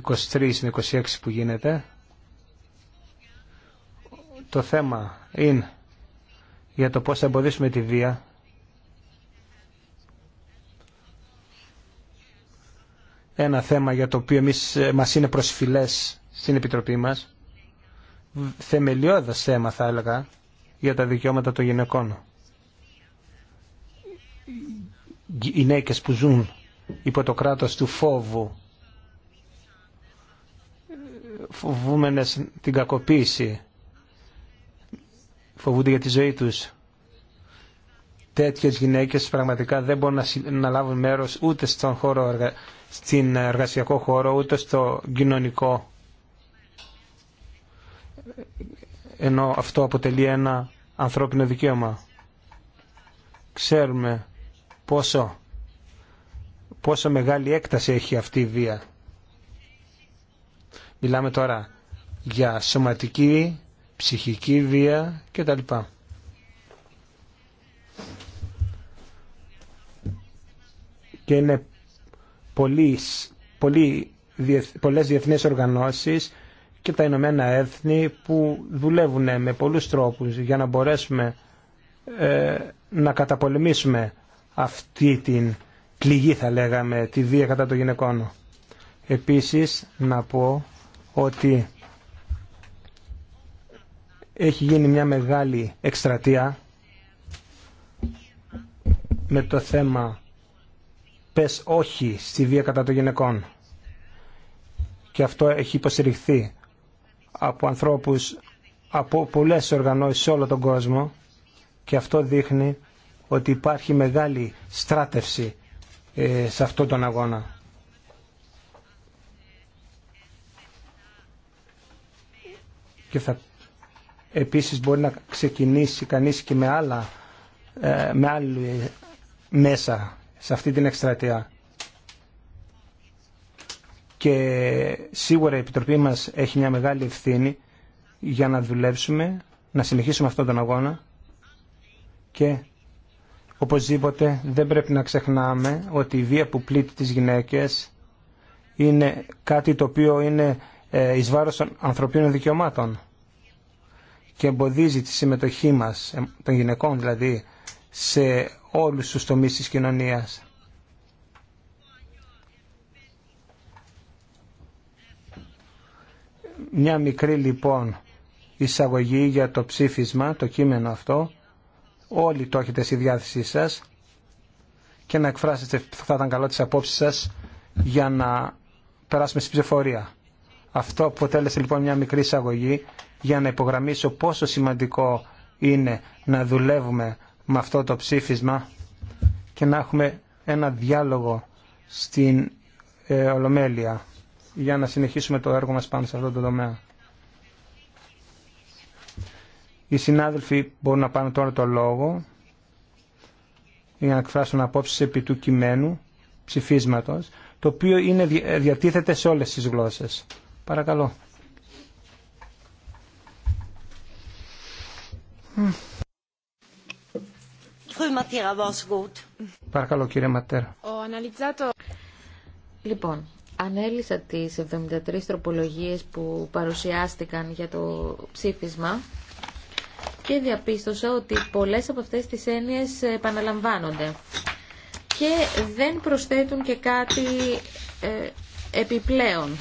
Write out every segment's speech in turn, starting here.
23 με 26 που γίνεται. Το θέμα είναι για το πώς θα εμποδίσουμε τη βία. Ένα θέμα για το οποίο εμείς, ε, μας είναι προσφυλές στην Επιτροπή μας. Θεμελιώδες θέμα θα έλεγα για τα δικαιώματα των γυναικών. Γυναίκες που ζουν υπό το κράτος του φόβου φοβούμενες την κακοποίηση. Φοβούνται για τη ζωή τους. Τέτοιες γυναίκες πραγματικά δεν μπορούν να λάβουν μέρος ούτε στον χώρο, στην εργασιακό χώρο, ούτε στο κοινωνικό. Ενώ αυτό αποτελεί ένα ανθρώπινο δικαίωμα. Ξέρουμε πόσο, πόσο μεγάλη έκταση έχει αυτή η βία. Μιλάμε τώρα για σωματική, ψυχική βία κτλ. Και είναι πολλές, πολλές διεθνείς οργανώσεις και τα Ηνωμένα Έθνη που δουλεύουν με πολλούς τρόπους για να μπορέσουμε ε, να καταπολεμήσουμε αυτή την πληγή θα λέγαμε, τη βία κατά το γυναικών. Επίσης να πω ότι έχει γίνει μια μεγάλη εκστρατεία με το θέμα «Πες όχι στη βία κατά των γυναικών». Και αυτό έχει υποστηριχθεί από ανθρώπους από πολλές οργανώσεις σε όλο τον κόσμο και αυτό δείχνει ότι υπάρχει μεγάλη στράτευση ε, σε αυτόν τον αγώνα. και θα επίσης μπορεί να ξεκινήσει κανείς και με άλλα ε, με άλλη μέσα σε αυτή την εκστρατεία. Και σίγουρα η Επιτροπή μας έχει μια μεγάλη ευθύνη για να δουλέψουμε, να συνεχίσουμε αυτόν τον αγώνα και οπωσδήποτε δεν πρέπει να ξεχνάμε ότι η βία που πλήττει τις γυναίκες είναι κάτι το οποίο είναι ε, εις βάρος των ανθρωπίνων δικαιωμάτων και εμποδίζει τη συμμετοχή μας, ε, των γυναικών δηλαδή, σε όλους τους τομείς της κοινωνίας. Μια μικρή λοιπόν εισαγωγή για το ψήφισμα, το κείμενο αυτό. Όλοι το έχετε στη διάθεσή σας και να εκφράσετε, θα ήταν καλό, τις απόψεις σας για να περάσουμε στην ψηφορία. Αυτό αποτέλεσε λοιπόν μια μικρή εισαγωγή για να υπογραμμίσω πόσο σημαντικό είναι να δουλεύουμε με αυτό το ψήφισμα και να έχουμε ένα διάλογο στην ε, Ολομέλεια για να συνεχίσουμε το έργο μας πάνω σε αυτό το τομέα. Οι συνάδελφοι μπορούν να πάρουν τώρα το λόγο για να εκφράσουν απόψεις επί του κειμένου ψηφίσματος, το οποίο είναι, διατίθεται σε όλες τις γλώσσες. Παρακαλώ. Παρακαλώ κύριε Ματέρα. Λοιπόν, ανέλησα τις 73 τροπολογίες που παρουσιάστηκαν για το ψήφισμα και διαπίστωσα ότι πολλές από αυτές τις έννοιες επαναλαμβάνονται και δεν προσθέτουν και κάτι ε, επιπλέον.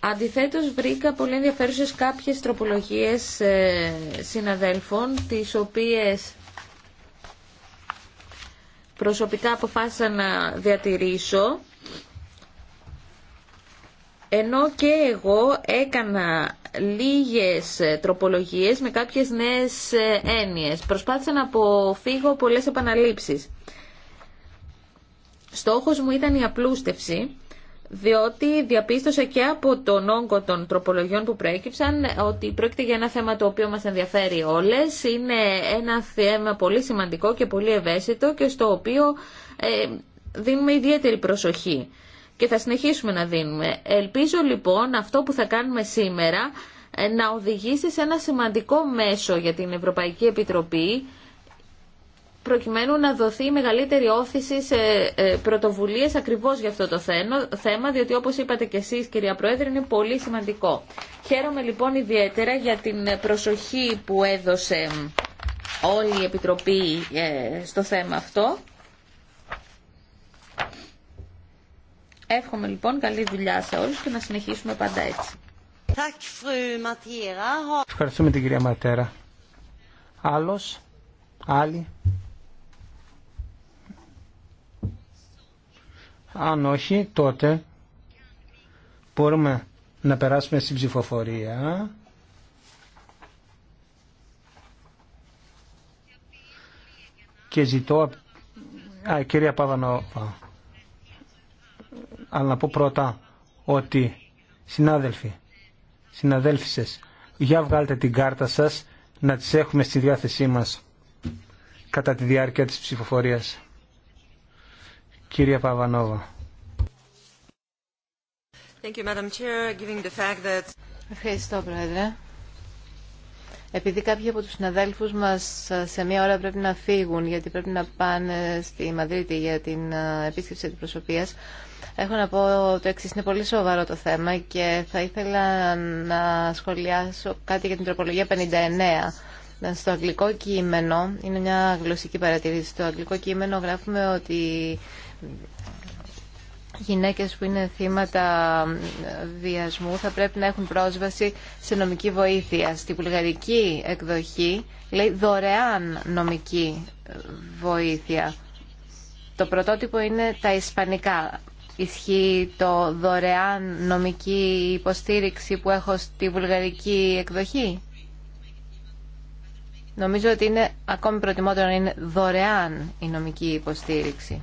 Αντιθέτως βρήκα πολύ ενδιαφέρουσες κάποιες τροπολογίες ε, συναδέλφων, τις οποίες προσωπικά αποφάσισα να διατηρήσω ενώ και εγώ έκανα λίγες ε, τροπολογίες με κάποιες νέες ε, έννοιες. Προσπάθησα να αποφύγω πολλές επαναλήψεις. Στόχος μου ήταν η απλούστευση διότι διαπίστωσε και από τον όγκο των τροπολογιών που προέκυψαν ότι πρόκειται για ένα θέμα το οποίο μας ενδιαφέρει όλες. Είναι ένα θέμα πολύ σημαντικό και πολύ ευαίσθητο και στο οποίο ε, δίνουμε ιδιαίτερη προσοχή και θα συνεχίσουμε να δίνουμε. Ελπίζω λοιπόν αυτό που θα κάνουμε σήμερα ε, να οδηγήσει σε ένα σημαντικό μέσο για την Ευρωπαϊκή Επιτροπή προκειμένου να δοθεί μεγαλύτερη όθηση σε ε, πρωτοβουλίες ακριβώς για αυτό το θέμα, διότι όπως είπατε και εσείς κυρία Πρόεδρε είναι πολύ σημαντικό. Χαίρομαι λοιπόν ιδιαίτερα για την προσοχή που έδωσε όλη η Επιτροπή ε, στο θέμα αυτό. Εύχομαι λοιπόν καλή δουλειά σε όλους και να συνεχίσουμε πάντα έτσι. Ευχαριστούμε την κυρία Ματέρα. Άλλος, άλλη. Αν όχι, τότε μπορούμε να περάσουμε στην ψηφοφορία. Και ζητώ, α, κυρία Παβανόβα, αλλά να πω πρώτα ότι συνάδελφοι, συναδέλφισες, για βγάλτε την κάρτα σας να τις έχουμε στη διάθεσή μας κατά τη διάρκεια της ψηφοφορίας. Κυρία Παβανόβα. Thank you, Madam Chair, giving the fact that... Ευχαριστώ, Πρόεδρε. Επειδή κάποιοι από τους συναδέλφους μας ε, σε μία ώρα πρέπει να φύγουν γιατί πρέπει να πάνε στη Μαδρίτη για την ε, επίσκεψη αντιπροσωπείας, έχω να πω το εξής, είναι πολύ σοβαρό το θέμα και θα ήθελα να σχολιάσω κάτι για την τροπολογία 59. Στο αγγλικό κείμενο, είναι μια γλωσσική παρατηρήση, στο αγγλικό κείμενο γράφουμε ότι γυναίκες που είναι θύματα βιασμού θα πρέπει να έχουν πρόσβαση σε νομική βοήθεια. Στη βουλγαρική εκδοχή λέει δωρεάν νομική βοήθεια. Το πρωτότυπο είναι τα ισπανικά. Ισχύει το δωρεάν νομική υποστήριξη που έχω στη βουλγαρική εκδοχή. Νομίζω ότι είναι ακόμη προτιμότερο να είναι δωρεάν η νομική υποστήριξη.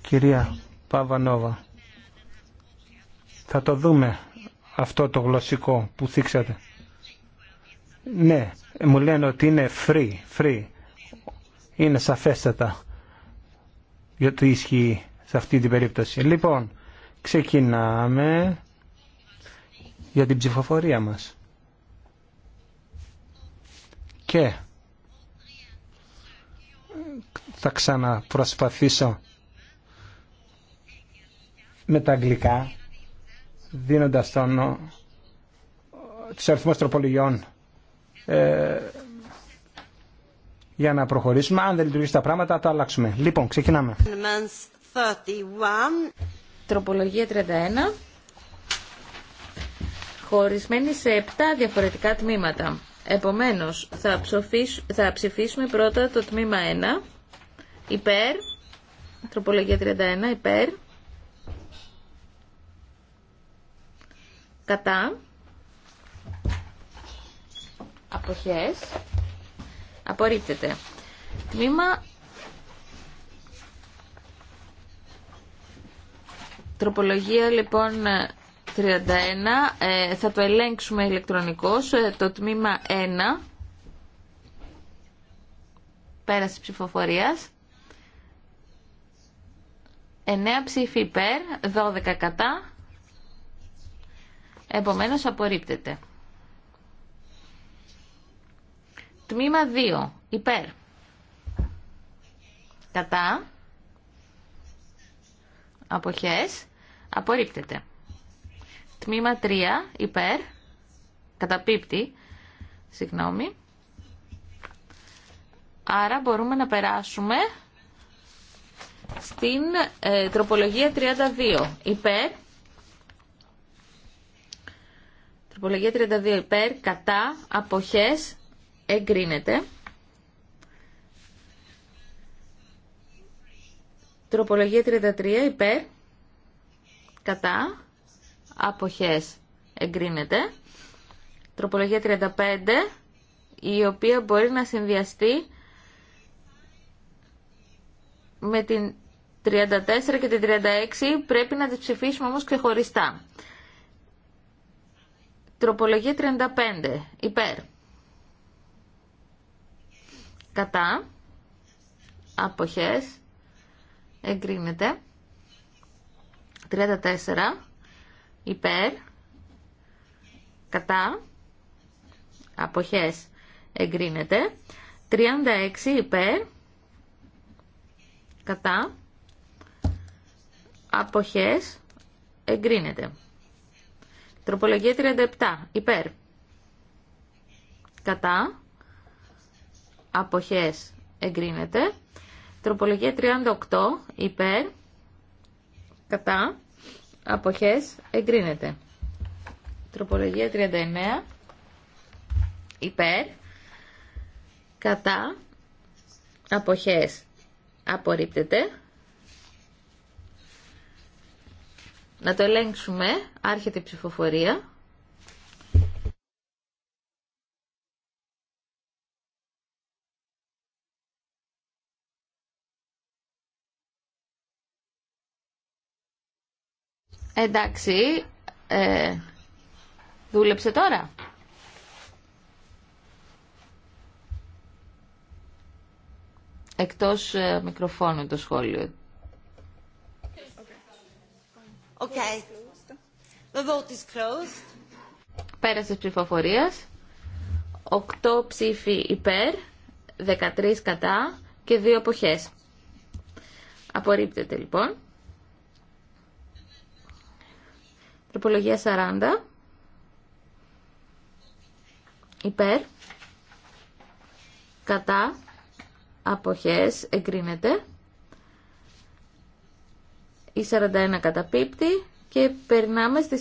Κυρία Παβανόβα, θα το δούμε αυτό το γλωσσικό που θίξατε. Ναι, μου λένε ότι είναι free, free. Είναι σαφέστατα για το ισχύει σε αυτή την περίπτωση. Λοιπόν, ξεκινάμε για την ψηφοφορία μας. Και θα ξαναπροσπαθήσω με τα αγγλικά, δίνοντας τον, τους αριθμούς τροπολογιών ε, για να προχωρήσουμε. Αν δεν λειτουργήσει τα πράγματα, θα τα αλλάξουμε. Λοιπόν, ξεκινάμε. Τροπολογία 31, χωρισμένη σε 7 διαφορετικά τμήματα. Επομένως, θα, ψηφίσουμε πρώτα το τμήμα 1, υπέρ, τροπολογία 31, υπέρ, κατά, αποχές, απορρίπτεται. Τμήμα Τροπολογία λοιπόν 31 ε, θα το ελέγξουμε ηλεκτρονικώς ε, το τμήμα 1 πέραση ψηφοφορίας 9 ψήφοι υπέρ, 12 κατά. Επομένως απορρίπτεται. Τμήμα 2. Υπέρ. Κατά. Αποχές. Απορρίπτεται. Τμήμα 3. Υπέρ. Καταπίπτει. Συγγνώμη. Άρα μπορούμε να περάσουμε στην ε, τροπολογία 32 υπέρ τροπολογία 32 υπέρ κατά αποχές εγκρίνεται τροπολογία 33 υπέρ κατά αποχές εγκρίνεται τροπολογία 35 η οποία μπορεί να συνδυαστεί με την 34 και την 36 πρέπει να τις ψηφίσουμε όμως ξεχωριστά. Τροπολογία 35. Υπέρ. Κατά. Αποχές. Εγκρίνεται. 34. Υπέρ. Κατά. Αποχές. Εγκρίνεται. 36. Υπέρ κατά, αποχές, εγκρίνεται. Τροπολογία 37, υπέρ, κατά, αποχές, εγκρίνεται. Τροπολογία 38, υπέρ, κατά, αποχές, εγκρίνεται. Τροπολογία 39, υπέρ, κατά, αποχές, Απορρίπτεται. Να το ελέγξουμε. Άρχεται η ψηφοφορία. Εντάξει, ε, δούλεψε τώρα. Εκτός ε, μικροφώνου το σχόλιο. Okay. The vote is closed. Πέρασε της ψηφοφορίας. 8 ψήφοι υπέρ, 13 κατά και 2 αποχές. Απορρίπτεται λοιπόν. Τροπολογία 40. Υπέρ. Κατά αποχές εγκρίνεται. Η 41 καταπίπτει και περνάμε στη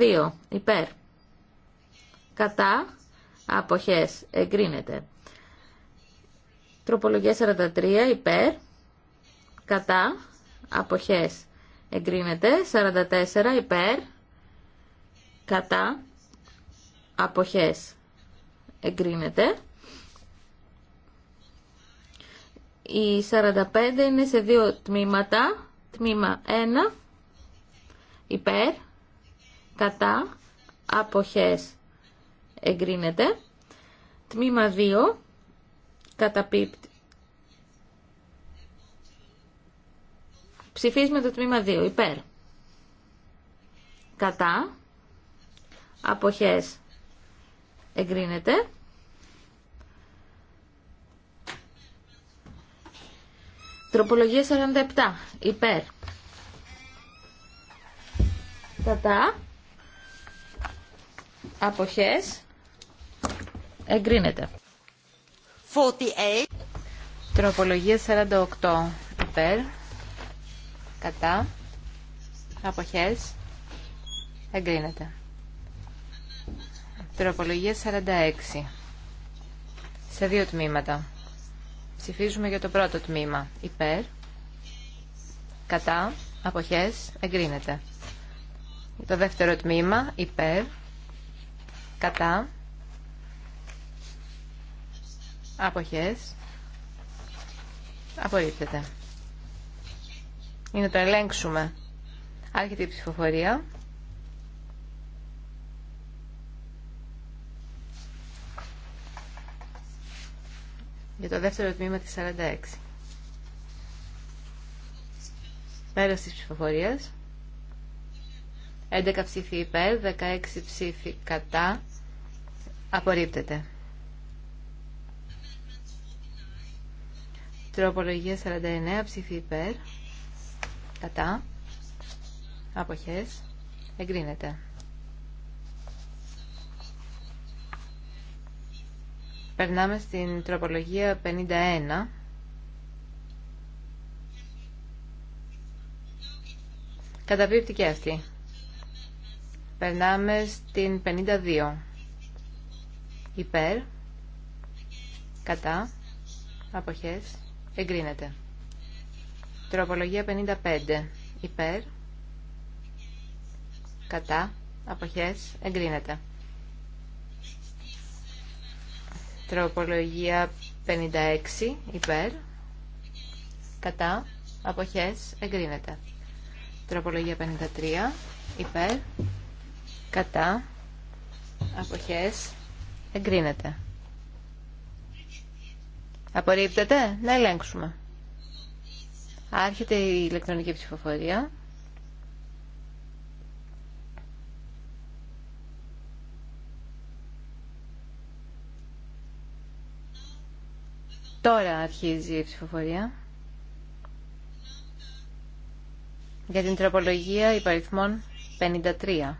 42 υπέρ. Κατά αποχές εγκρίνεται. Τροπολογία 43 υπέρ. Κατά αποχές εγκρίνεται. 44 υπέρ. Κατά αποχές εγκρίνεται. Η 45 είναι σε δύο τμήματα. Τμήμα 1 υπέρ, κατά, αποχές εγκρίνεται. Τμήμα 2 καταπίπτει. Ψηφίζουμε το τμήμα 2 υπέρ, κατά, αποχές εγκρίνεται. Τροπολογία 47. Υπέρ. Κατά. Αποχές. Εγκρίνεται. 48. Τροπολογία 48. Υπέρ. Κατά. Αποχές. Εγκρίνεται. Τροπολογία 46. Σε δύο τμήματα. Ψηφίζουμε για το πρώτο τμήμα. Υπέρ. Κατά. Αποχές. Εγκρίνεται. Το δεύτερο τμήμα. Υπέρ. Κατά. Αποχές. Απορρίπτεται. Είναι το ελέγξουμε. Άρχεται η ψηφοφορία. για το δεύτερο τμήμα της 46. Πέρας της ψηφοφορίας. 11 ψήφοι υπέρ, 16 ψήφοι κατά. Απορρίπτεται. Τροπολογία 49, ψήφοι υπέρ. Κατά. Αποχές. Εγκρίνεται. Περνάμε στην τροπολογία 51. Καταπίπτει και αυτή. Περνάμε στην 52. Υπέρ. Κατά. Αποχές. Εγκρίνεται. Τροπολογία 55. Υπέρ. Κατά. Αποχές. Εγκρίνεται. Τροπολογία 56 υπέρ. Κατά. Αποχές εγκρίνεται. Τροπολογία 53 υπέρ. Κατά. Αποχές εγκρίνεται. Απορρίπτεται. Να ελέγξουμε. Άρχεται η ηλεκτρονική ψηφοφορία. Τώρα αρχίζει η ψηφοφορία. Για την τροπολογία υπαριθμών 53.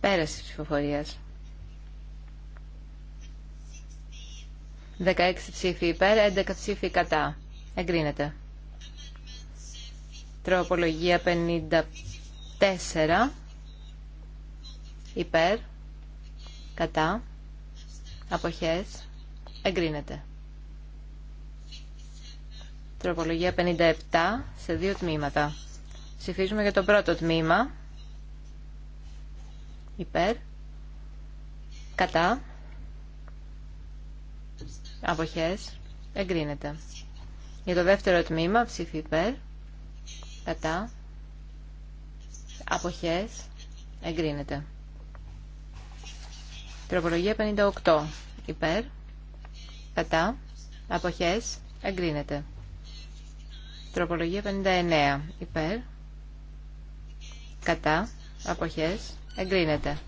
Πέραση της ψηφοφορίας. 16 ψήφοι υπέρ, 11 ψήφοι κατά. Εγκρίνεται. Τροπολογία 54 υπέρ, κατά, αποχές, εγκρίνεται. Τροπολογία 57 σε δύο τμήματα. Ψηφίζουμε για το πρώτο τμήμα. Υπέρ. Κατά. Αποχές. Εγκρίνεται. Για το δεύτερο τμήμα ψήφι υπέρ. Κατά. Αποχές. Εγκρίνεται. Τροπολογία 58. Υπέρ. Κατά. Αποχές. Εγκρίνεται. Τροπολογία 59. Υπέρ. Κατά. Αποχές. Εγκρίνεται.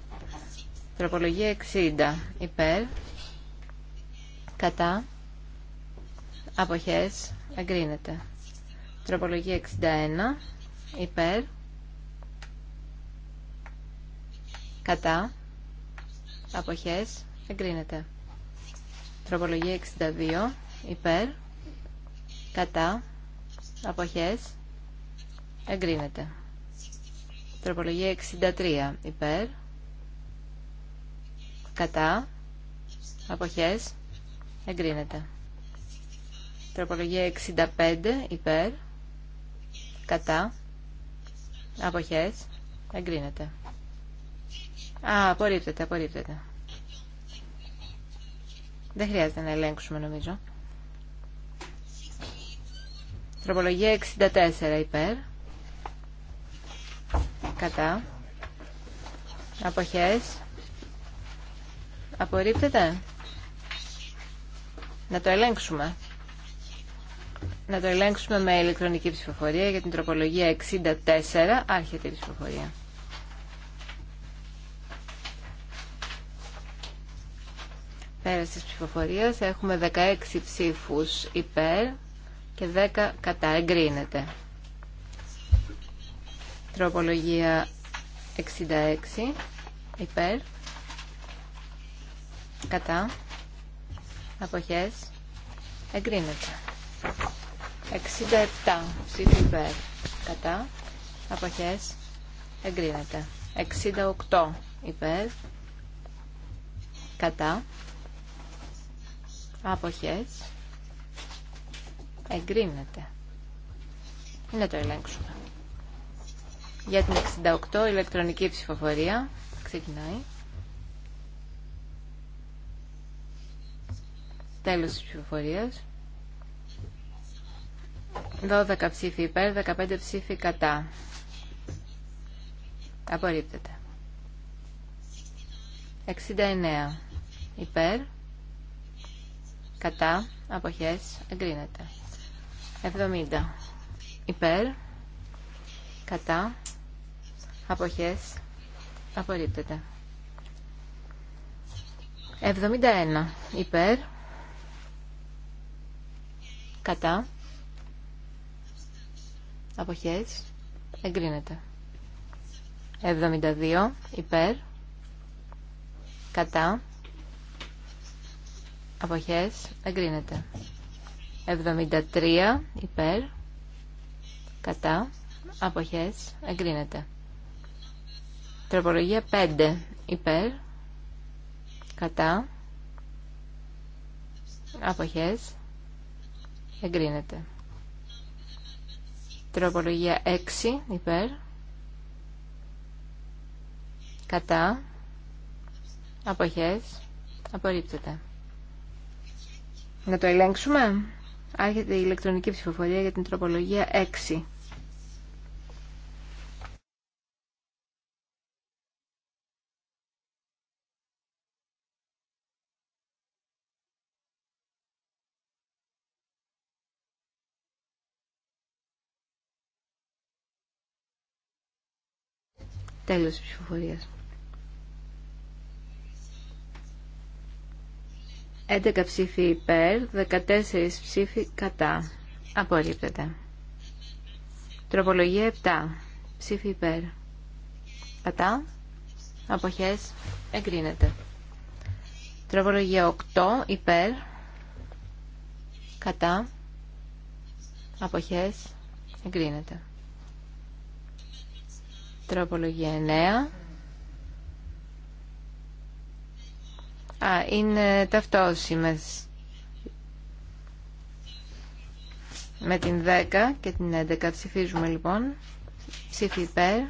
Τροπολογία 60. Υπέρ. Κατά. Αποχές. Εγκρίνεται. Τροπολογία 61. Υπέρ. Κατά αποχές εγκρίνεται. Τροπολογία 62 υπέρ κατά αποχές εγκρίνεται. Τροπολογία 63 υπέρ κατά αποχές εγκρίνεται. Τροπολογία 65 υπέρ κατά αποχές εγκρίνεται. Α, απορρίπτεται, απορρίπτεται. Δεν χρειάζεται να ελέγξουμε νομίζω. Τροπολογία 64 υπέρ. Κατά. Αποχές. Απορρίπτεται. Να το ελέγξουμε. Να το ελέγξουμε με ηλεκτρονική ψηφοφορία για την τροπολογία 64. Άρχεται η ψηφοφορία. Πέρας της ψηφοφορίας έχουμε 16 ψήφους υπέρ και 10 κατά. Εγκρίνεται. Τροπολογία 66 υπέρ κατά αποχές εγκρίνεται 67 ψήφους υπέρ κατά αποχές εγκρίνεται 68 υπέρ κατά Αποχές. Εγκρίνεται. Να το ελέγξουμε. Για την 68 ηλεκτρονική ψηφοφορία ξεκινάει. Τέλος της ψηφοφορίας. 12 ψήφοι υπέρ, 15 ψήφι κατά. Απορρίπτεται. 69 υπέρ κατά, αποχές, εγκρίνεται. 70. Υπέρ, κατά, αποχές, απορρίπτεται. 71. Υπέρ, κατά, αποχές, εγκρίνεται. 72. Υπέρ, κατά, αποχές εγκρίνεται 73 υπέρ κατά αποχές εγκρίνεται τροπολογία 5 υπέρ κατά αποχές εγκρίνεται τροπολογία 6 υπέρ κατά αποχές απορρίπτεται να το ελέγξουμε. Άρχεται η ηλεκτρονική ψηφοφορία για την τροπολογία 6. Τέλος της ψηφοφορίας. 11 ψήφοι υπέρ, 14 ψήφοι κατά. Απορρίπτεται. Τροπολογία 7. Ψήφοι υπέρ. Κατά. Αποχές. Εγκρίνεται. Τροπολογία 8. Υπέρ. Κατά. Αποχές. Εγκρίνεται. Τροπολογία 9. Α, είναι ταυτόσιμες με την 10 και την 11 ψηφίζουμε λοιπόν ψήφι υπέρ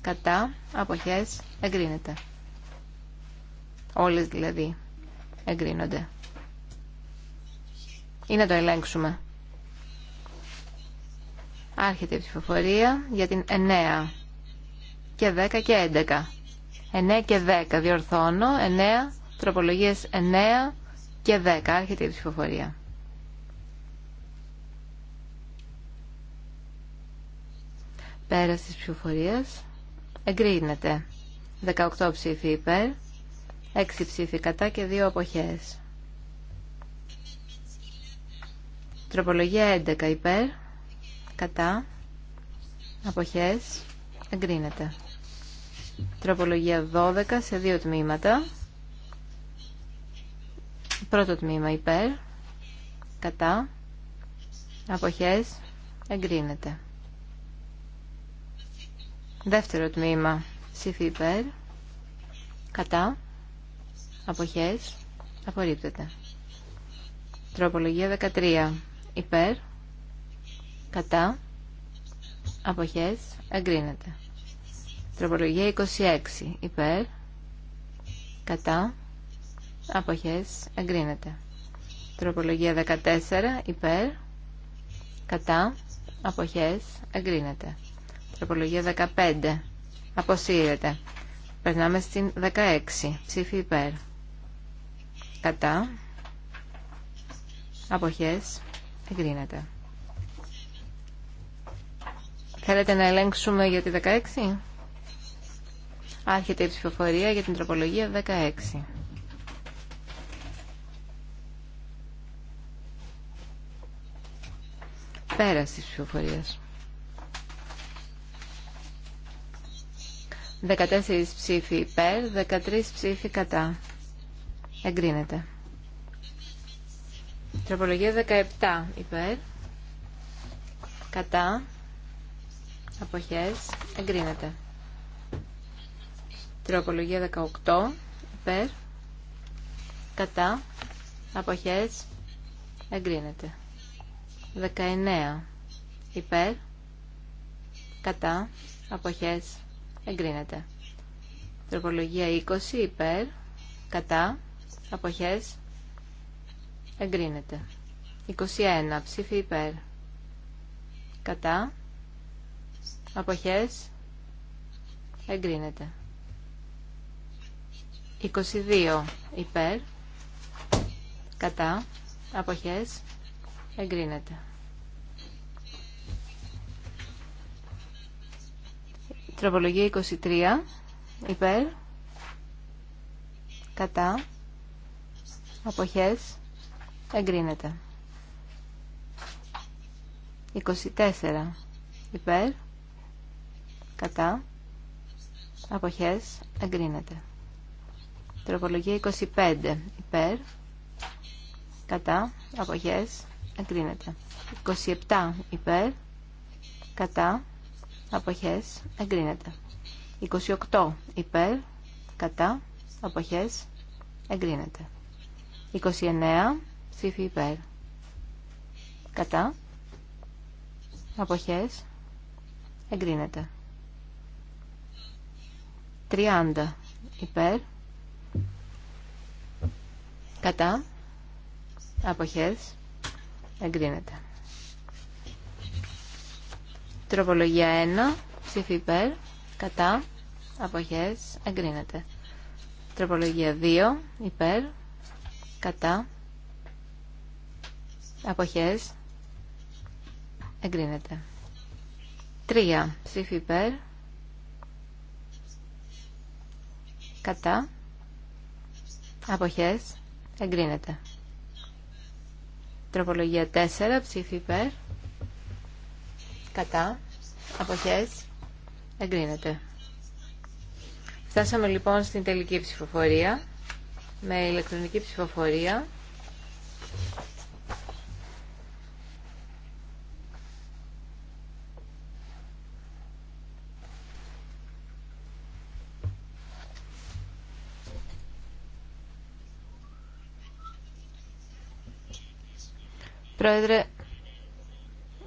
κατά αποχές εγκρίνεται όλες δηλαδή εγκρίνονται ή να το ελέγξουμε άρχεται η ψηφοφορία για την 9 και 10 και 11 9 και 10 διορθώνω 9 τροπολογίες 9 και 10. Άρχεται η ψηφοφορία. Πέρας της ψηφοφορίας εγκρίνεται. 18 ψήφοι υπέρ, 6 ψήφοι κατά και 2 αποχές. Τροπολογία 11 υπέρ, κατά, αποχές, εγκρίνεται. Τροπολογία 12 σε δύο τμήματα. Πρώτο τμήμα υπέρ, κατά, αποχές, εγκρίνεται. Δεύτερο τμήμα ψήφι υπέρ, κατά, αποχές, απορρίπτεται. Τροπολογία 13 υπέρ, κατά, αποχές, εγκρίνεται. Τροπολογία 26 υπέρ, κατά, αποχές εγκρίνεται. Τροπολογία 14 υπέρ, κατά, αποχές εγκρίνεται. Τροπολογία 15 αποσύρεται. Περνάμε στην 16 ψήφι υπέρ, κατά, αποχές εγκρίνεται. Θέλετε να ελέγξουμε για τη 16? Άρχεται η ψηφοφορία για την τροπολογία 16. Πέραση της ψηφοφορίας. 14 ψήφοι υπέρ, 13 ψήφοι κατά. Εγκρίνεται. Τροπολογία 17 υπέρ. Κατά. Αποχές. Εγκρίνεται. Τροπολογία 18 υπέρ. Κατά. Αποχές. Εγκρίνεται. 19 υπέρ κατά αποχές εγκρίνεται τροπολογία 20 υπέρ κατά αποχές εγκρίνεται 21 ψήφι υπέρ κατά αποχές εγκρίνεται 22 υπέρ κατά αποχές Εγκρίνεται. Τροπολογία 23. Υπέρ. Κατά. Αποχές. Εγκρίνεται. 24. Υπέρ. Κατά. Αποχές. Εγκρίνεται. Τροπολογία 25. Υπέρ. Κατά. Αποχές εγκρίνεται. 27 υπέρ, κατά, αποχές, εγκρίνεται. 28 υπέρ, κατά, αποχές, εγκρίνεται. 29 ψήφι υπέρ, κατά, αποχές, εγκρίνεται. 30 υπέρ, κατά, αποχές, Εγκρίνεται. Τροπολογία 1. Ψήφι υπέρ. Κατά. Αποχές. Εγκρίνεται. Τροπολογία 2. Υπέρ. Κατά. Αποχές. Εγκρίνεται. 3. Ψήφι υπέρ. Κατά. Αποχές. Εγκρίνεται. Τροπολογία 4, ψήφι υπέρ. Κατά. Αποχές. Εγκρίνεται. Φτάσαμε λοιπόν στην τελική ψηφοφορία με ηλεκτρονική ψηφοφορία. Πρόεδρε,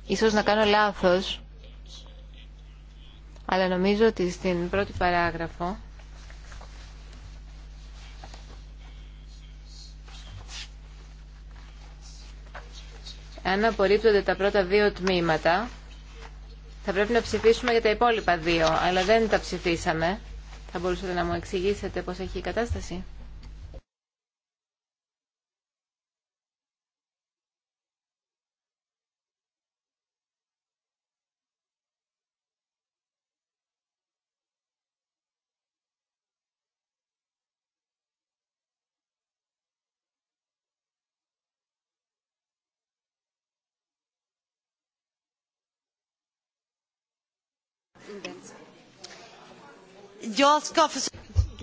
ίσως να κάνω λάθος, αλλά νομίζω ότι στην πρώτη παράγραφο αν απορρίπτονται τα πρώτα δύο τμήματα θα πρέπει να ψηφίσουμε για τα υπόλοιπα δύο, αλλά δεν τα ψηφίσαμε. Θα μπορούσατε να μου εξηγήσετε πώς έχει η κατάσταση.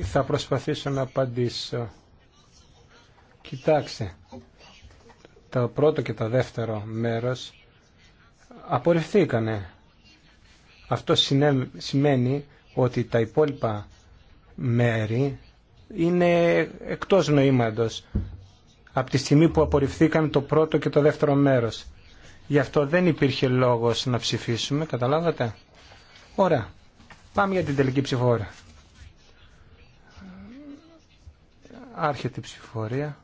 Θα προσπαθήσω να απαντήσω. Κοιτάξτε, το πρώτο και το δεύτερο μέρος απορριφθήκανε. Αυτό σημαίνει ότι τα υπόλοιπα μέρη είναι εκτός νοήματος από τη στιγμή που απορριφθήκαν το πρώτο και το δεύτερο μέρος. Γι' αυτό δεν υπήρχε λόγος να ψηφίσουμε, καταλάβατε. Ωραία. Πάμε για την τελική ψηφοφορία. Άρχεται η ψηφοφορία.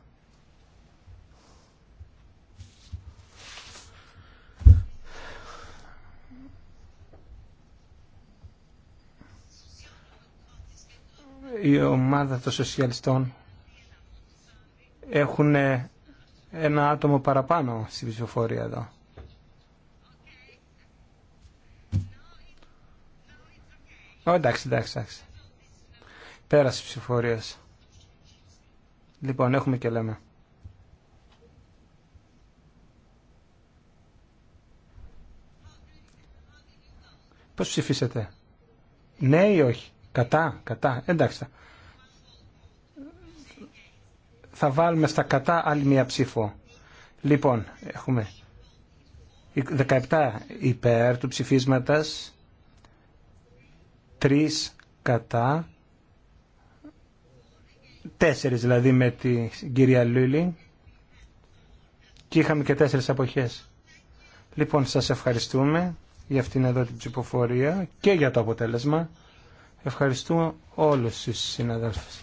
η ομάδα των σοσιαλιστών έχουν ένα άτομο παραπάνω στην ψηφοφορία εδώ. εντάξει, εντάξει, εντάξει. Πέρασε ψηφορία. Λοιπόν, έχουμε και λέμε. Πώς ψηφίσετε. Ναι ή όχι. Κατά, κατά. Εντάξει. Θα βάλουμε στα κατά άλλη μία ψήφο. Λοιπόν, έχουμε 17 υπέρ του ψηφίσματος, τρεις κατά, τέσσερις δηλαδή με την κυρία Λούλη και είχαμε και τέσσερις αποχές. Λοιπόν, σας ευχαριστούμε για αυτήν εδώ την ψηφοφορία και για το αποτέλεσμα. Ευχαριστούμε όλους τους συναδέλφους.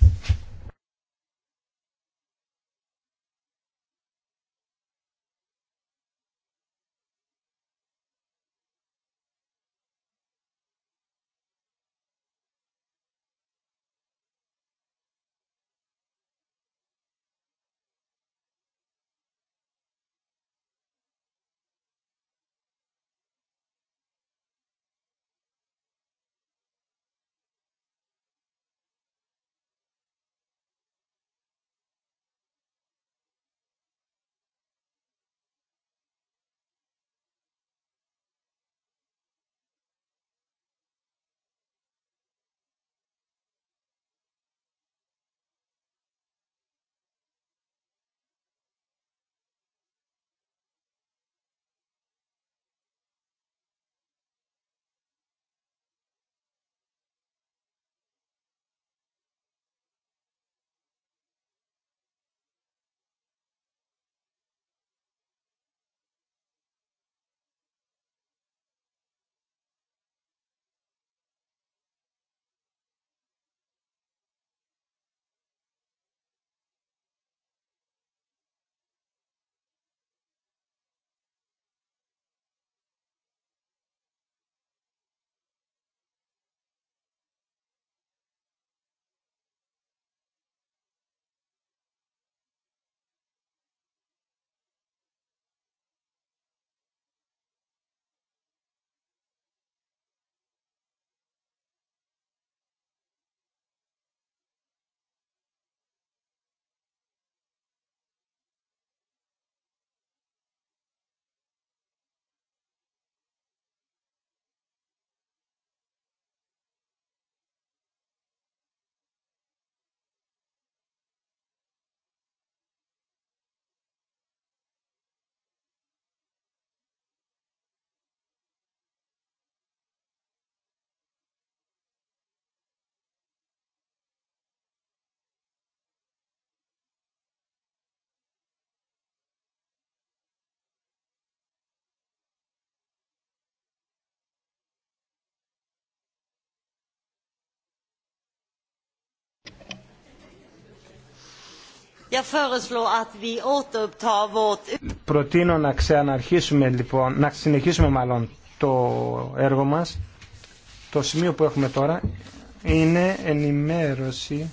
Προτείνω να ξαναρχίσουμε λοιπόν, να συνεχίσουμε μάλλον το έργο μας. Το σημείο που έχουμε τώρα είναι ενημέρωση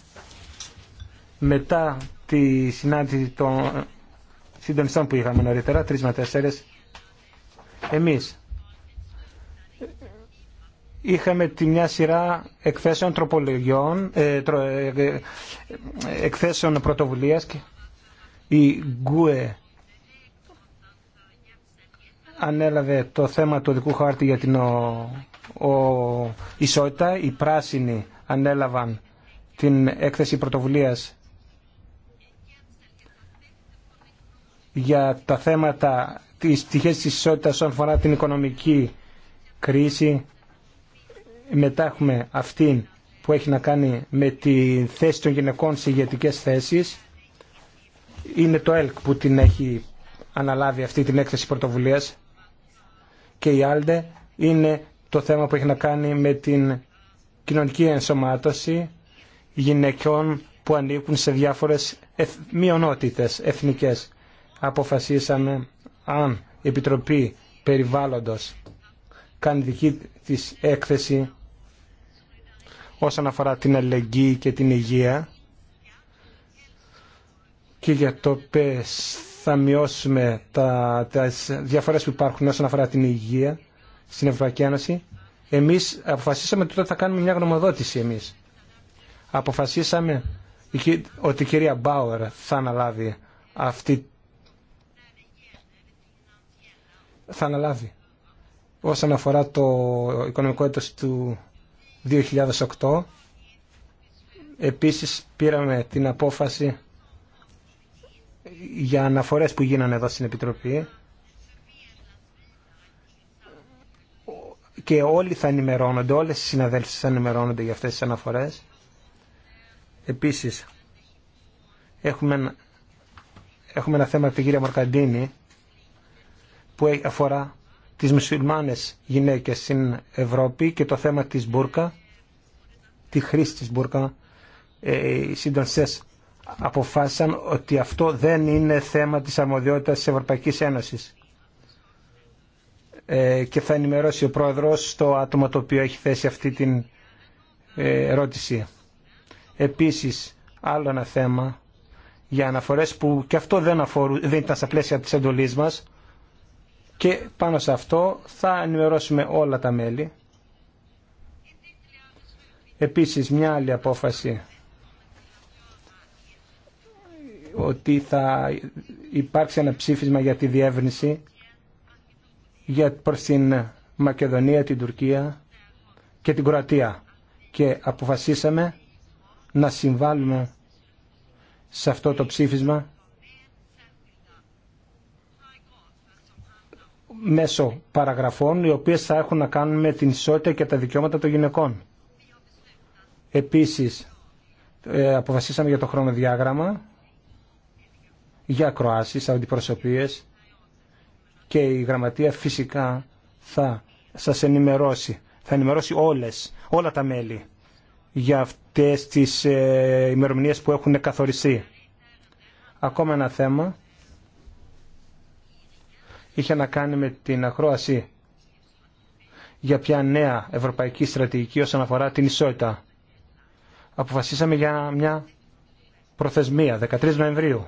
μετά τη συνάντηση των συντονιστών που είχαμε νωρίτερα, τρεις με τέσσερις, εμείς είχαμε τη μια σειρά εκθέσεων τροπολογιών, ε, τρο, ε, ε, εκθέσεων πρωτοβουλίας και η Γκουε ανέλαβε το θέμα του δικού χάρτη για την ο, ισότητα, οι πράσινοι ανέλαβαν την έκθεση πρωτοβουλίας για τα θέματα, τις πτυχές της ισότητας όσον αφορά την οικονομική κρίση μετά έχουμε αυτή που έχει να κάνει με τη θέση των γυναικών σε ηγετικέ θέσεις. Είναι το ΕΛΚ που την έχει αναλάβει αυτή την έκθεση πρωτοβουλία και η Άλντε είναι το θέμα που έχει να κάνει με την κοινωνική ενσωμάτωση γυναικών που ανήκουν σε διάφορες εθ... μειονότητες εθνικές. Αποφασίσαμε αν η Επιτροπή Περιβάλλοντος κάνει δική της έκθεση όσον αφορά την αλληλεγγύη και την υγεία και για το ΠΕΣ θα μειώσουμε τα, τις διαφορές που υπάρχουν όσον αφορά την υγεία στην Ευρωπαϊκή Ένωση. Εμείς αποφασίσαμε ότι θα κάνουμε μια γνωμοδότηση εμείς. Αποφασίσαμε ότι η κυρία Μπάουερ θα αναλάβει αυτή θα αναλάβει όσον αφορά το οικονομικό έτος του 2008. Επίσης πήραμε την απόφαση για αναφορές που γίνανε εδώ στην Επιτροπή και όλοι θα ενημερώνονται, όλες οι συναδέλφες θα ενημερώνονται για αυτές τις αναφορές. Επίσης, έχουμε ένα, έχουμε ένα θέμα από την κυρία Μαρκαντίνη που αφορά τις μουσουλμάνες γυναίκες στην Ευρώπη και το θέμα της Μπούρκα, τη χρήση της Μπούρκα, ε, οι συντονιστές αποφάσισαν ότι αυτό δεν είναι θέμα της αρμοδιότητας της Ευρωπαϊκής Ένωσης ε, και θα ενημερώσει ο πρόεδρος το άτομο το οποίο έχει θέσει αυτή την ε, ερώτηση. Επίσης, άλλο ένα θέμα για αναφορές που και αυτό δεν, αφορού, δεν ήταν στα πλαίσια της εντολής μας, και πάνω σε αυτό θα ενημερώσουμε όλα τα μέλη. Επίσης μια άλλη απόφαση ότι θα υπάρξει ένα ψήφισμα για τη διεύρυνση για προς την Μακεδονία, την Τουρκία και την Κροατία και αποφασίσαμε να συμβάλλουμε σε αυτό το ψήφισμα μέσω παραγραφών οι οποίες θα έχουν να κάνουν με την ισότητα και τα δικαιώματα των γυναικών. Επίσης, ε, αποφασίσαμε για το χρονοδιάγραμμα, για ακροάσεις, αντιπροσωπίες και η γραμματεία φυσικά θα σας ενημερώσει, θα ενημερώσει όλες, όλα τα μέλη για αυτές τις ε, ημερομηνίες που έχουν καθοριστεί. Ακόμα ένα θέμα είχε να κάνει με την ακρόαση για ποια νέα ευρωπαϊκή στρατηγική όσον αφορά την ισότητα. Αποφασίσαμε για μια προθεσμία, 13 Νοεμβρίου,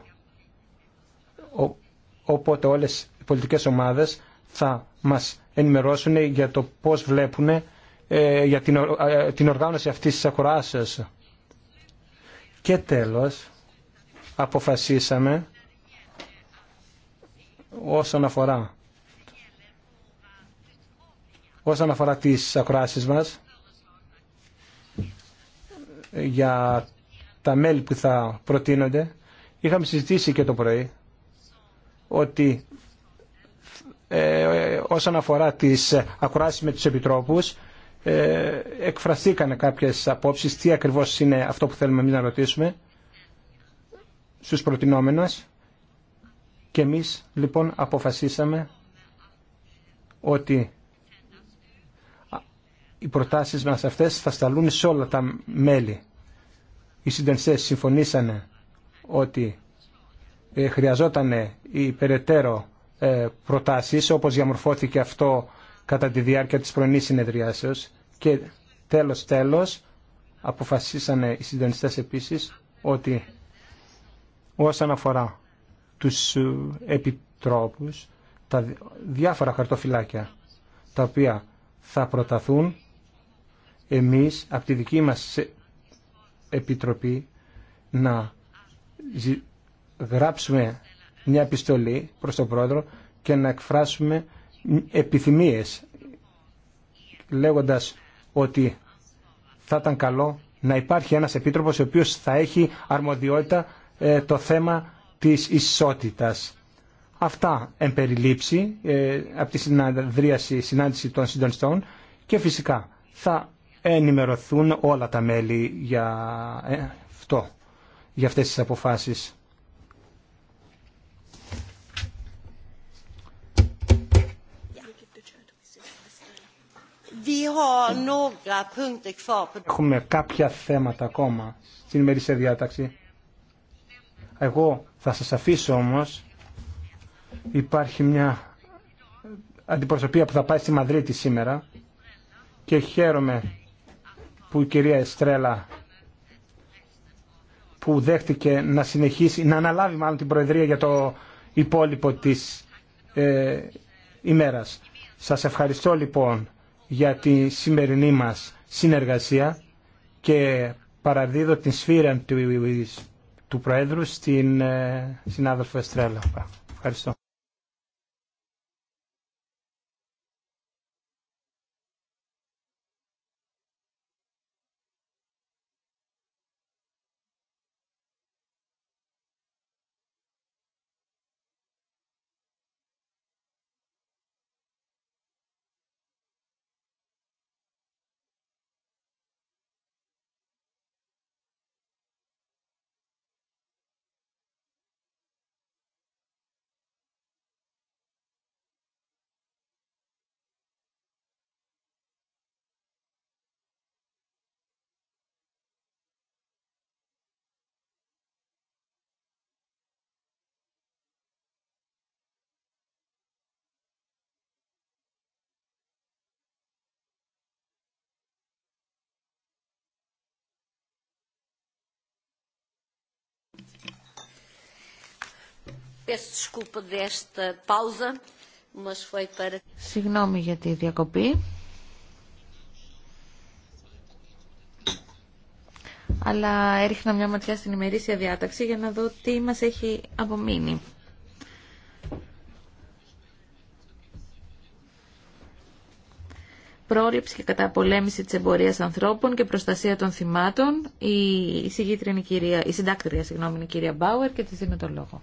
οπότε όλες οι πολιτικές ομάδες θα μας ενημερώσουν για το πώς βλέπουν ε, για ε, την οργάνωση αυτής της ακροάσεως. Και τέλος, αποφασίσαμε όσον αφορά όσον αφορά τις ακροάσεις μας για τα μέλη που θα προτείνονται είχαμε συζητήσει και το πρωί ότι ε, όσον αφορά τις ακροάσεις με τους επιτρόπους ε, εκφραστήκαν κάποιες απόψεις τι ακριβώς είναι αυτό που θέλουμε εμείς να ρωτήσουμε στους προτινόμενους και εμείς λοιπόν αποφασίσαμε ότι οι προτάσεις μας αυτές θα σταλούν σε όλα τα μέλη. Οι συντονιστές συμφωνήσανε ότι ε, χρειαζόταν η περαιτέρω ε, προτάσεις όπως διαμορφώθηκε αυτό κατά τη διάρκεια της πρωινή συνεδριάσεως και τέλος τέλος αποφασίσανε οι συντονιστές επίσης ότι όσον αφορά τους ε, επιτρόπους τα διάφορα χαρτοφυλάκια τα οποία θα προταθούν εμείς από τη δική μας ε, επιτροπή να γράψουμε μια επιστολή προς τον πρόεδρο και να εκφράσουμε επιθυμίες λέγοντας ότι θα ήταν καλό να υπάρχει ένας επίτροπος ο οποίος θα έχει αρμοδιότητα ε, το θέμα της ισότητας. Αυτά εμπεριλήψει από τη συνάντηση των συντονιστών και φυσικά θα ενημερωθούν όλα τα μέλη για ε, αυτό, για αυτές τις αποφάσεις. Έχουμε κάποια θέματα ακόμα στην ημερήσια διάταξη. Εγώ θα σας αφήσω όμως. Υπάρχει μια αντιπροσωπεία που θα πάει στη Μαδρίτη σήμερα και χαίρομαι που η κυρία Εστρέλα που δέχτηκε να συνεχίσει, να αναλάβει μάλλον την Προεδρία για το υπόλοιπο της ε, ημέρας. Σας ευχαριστώ λοιπόν για τη σημερινή μας συνεργασία και παραδίδω την σφύρα του του Προέδρου στην ε, συνάδελφο Εστρέλα. Ευχαριστώ. Συγγνώμη για τη διακοπή. Αλλά έριχνα μια ματιά στην ημερήσια διάταξη για να δω τι μας έχει απομείνει. πρόληψη και καταπολέμηση της εμπορίας ανθρώπων και προστασία των θυμάτων. Η, η, κυρία, η συντάκτρια συγγνώμη, η κυρία Μπάουερ και της δίνω τον λόγο.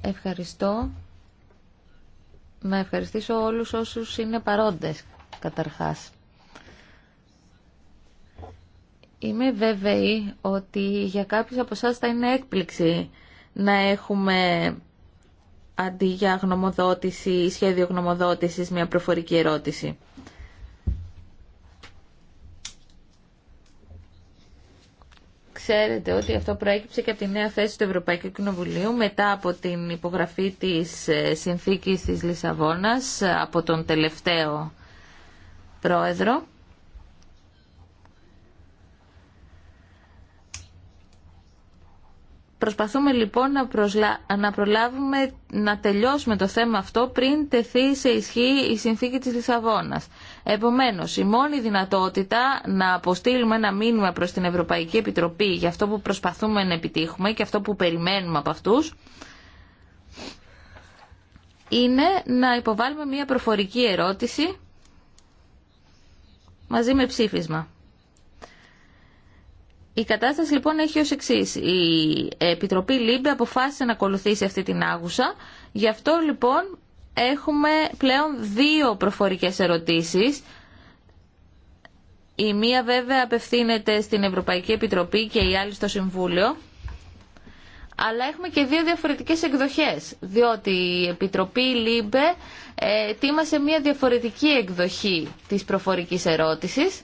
Ευχαριστώ. Να ευχαριστήσω όλους όσους είναι παρόντες, καταρχάς. Είμαι βέβαιη ότι για κάποιους από εσά θα είναι έκπληξη να έχουμε αντί για γνωμοδότηση ή σχέδιο γνωμοδότησης μια προφορική ερώτηση. Ξέρετε ότι αυτό προέκυψε και από τη νέα θέση του Ευρωπαϊκού Κοινοβουλίου μετά από την υπογραφή της ε, συνθήκης της Λισαβόνας ε, από τον τελευταίο πρόεδρο. Προσπαθούμε λοιπόν να, προσλα... να προλάβουμε να τελειώσουμε το θέμα αυτό πριν τεθεί σε ισχύ η συνθήκη της Λισαβόνας. Επομένως, η μόνη δυνατότητα να αποστείλουμε ένα μήνυμα προς την Ευρωπαϊκή Επιτροπή για αυτό που προσπαθούμε να επιτύχουμε και αυτό που περιμένουμε από αυτούς είναι να υποβάλουμε μια προφορική ερώτηση μαζί με ψήφισμα. Η κατάσταση λοιπόν έχει ως εξή. Η Επιτροπή ΛΥΜΠΕ αποφάσισε να ακολουθήσει αυτή την άγουσα. Γι' αυτό λοιπόν έχουμε πλέον δύο προφορικές ερωτήσεις. Η μία βέβαια απευθύνεται στην Ευρωπαϊκή Επιτροπή και η άλλη στο Συμβούλιο. Αλλά έχουμε και δύο διαφορετικές εκδοχές, διότι η Επιτροπή ΛΥΜΠΕ ε, ετοίμασε μία διαφορετική εκδοχή της προφορικής ερώτησης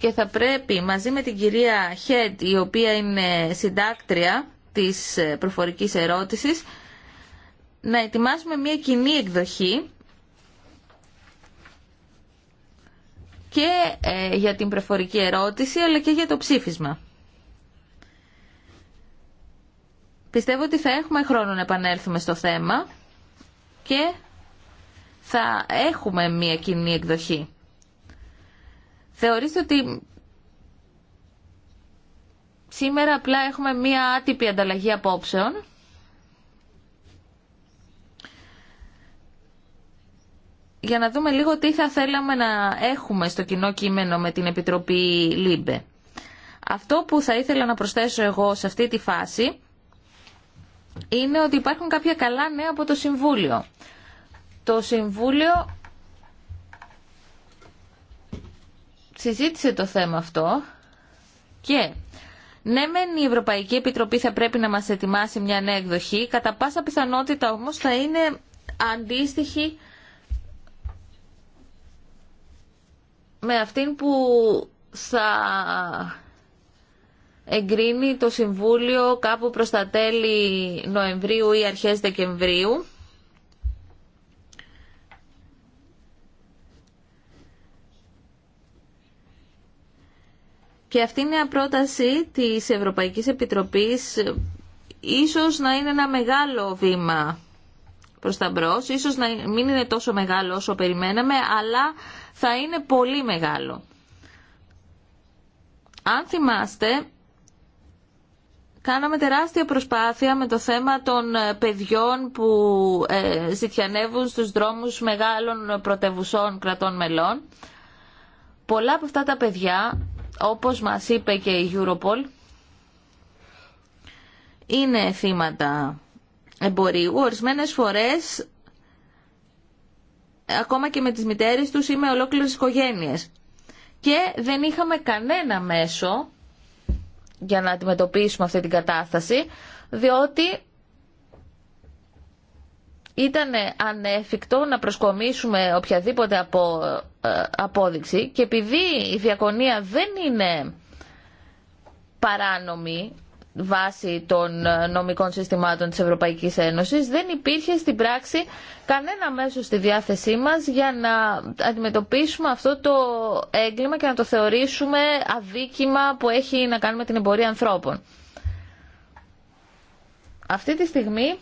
και θα πρέπει μαζί με την κυρία Χέντ, η οποία είναι συντάκτρια της προφορικής ερώτησης, να ετοιμάσουμε μια κοινή εκδοχή και ε, για την προφορική ερώτηση αλλά και για το ψήφισμα. Πιστεύω ότι θα έχουμε χρόνο να επανέλθουμε στο θέμα και θα έχουμε μια κοινή εκδοχή. Θεωρείς ότι σήμερα απλά έχουμε μία άτυπη ανταλλαγή απόψεων για να δούμε λίγο τι θα θέλαμε να έχουμε στο κοινό κείμενο με την Επιτροπή ΛΥΜΠΕ. Αυτό που θα ήθελα να προσθέσω εγώ σε αυτή τη φάση είναι ότι υπάρχουν κάποια καλά νέα από το Συμβούλιο. Το Συμβούλιο συζήτησε το θέμα αυτό και ναι, μεν η Ευρωπαϊκή Επιτροπή θα πρέπει να μας ετοιμάσει μια νέα εκδοχή, κατά πάσα πιθανότητα όμως θα είναι αντίστοιχη με αυτήν που θα εγκρίνει το Συμβούλιο κάπου προς τα τέλη Νοεμβρίου ή αρχές Δεκεμβρίου Και αυτή είναι μια πρόταση της Ευρωπαϊκής Επιτροπής, ίσως να είναι ένα μεγάλο βήμα προς τα μπρος, ίσως να μην είναι τόσο μεγάλο όσο περιμέναμε, αλλά θα είναι πολύ μεγάλο. Αν θυμάστε, κάναμε τεράστια προσπάθεια με το θέμα των ε, παιδιών που ε, ζητιανεύουν στους δρόμους μεγάλων πρωτευουσών κρατών μελών. Πολλά από αυτά τα παιδιά όπως μας είπε και η Europol, είναι θύματα εμπορίου. Ορισμένες φορές, ακόμα και με τις μητέρες τους ή με ολόκληρες οικογένειες. Και δεν είχαμε κανένα μέσο για να αντιμετωπίσουμε αυτή την κατάσταση, διότι ήταν ανέφικτο να προσκομίσουμε οποιαδήποτε απο, ε, απόδειξη και επειδή η διακονία δεν είναι παράνομη βάσει των ε, νομικών συστημάτων της Ευρωπαϊκής Ένωσης δεν υπήρχε στην πράξη κανένα μέσο στη διάθεσή μας για να αντιμετωπίσουμε αυτό το έγκλημα και να το θεωρήσουμε αδίκημα που έχει να κάνει με την εμπορία ανθρώπων. Αυτή τη στιγμή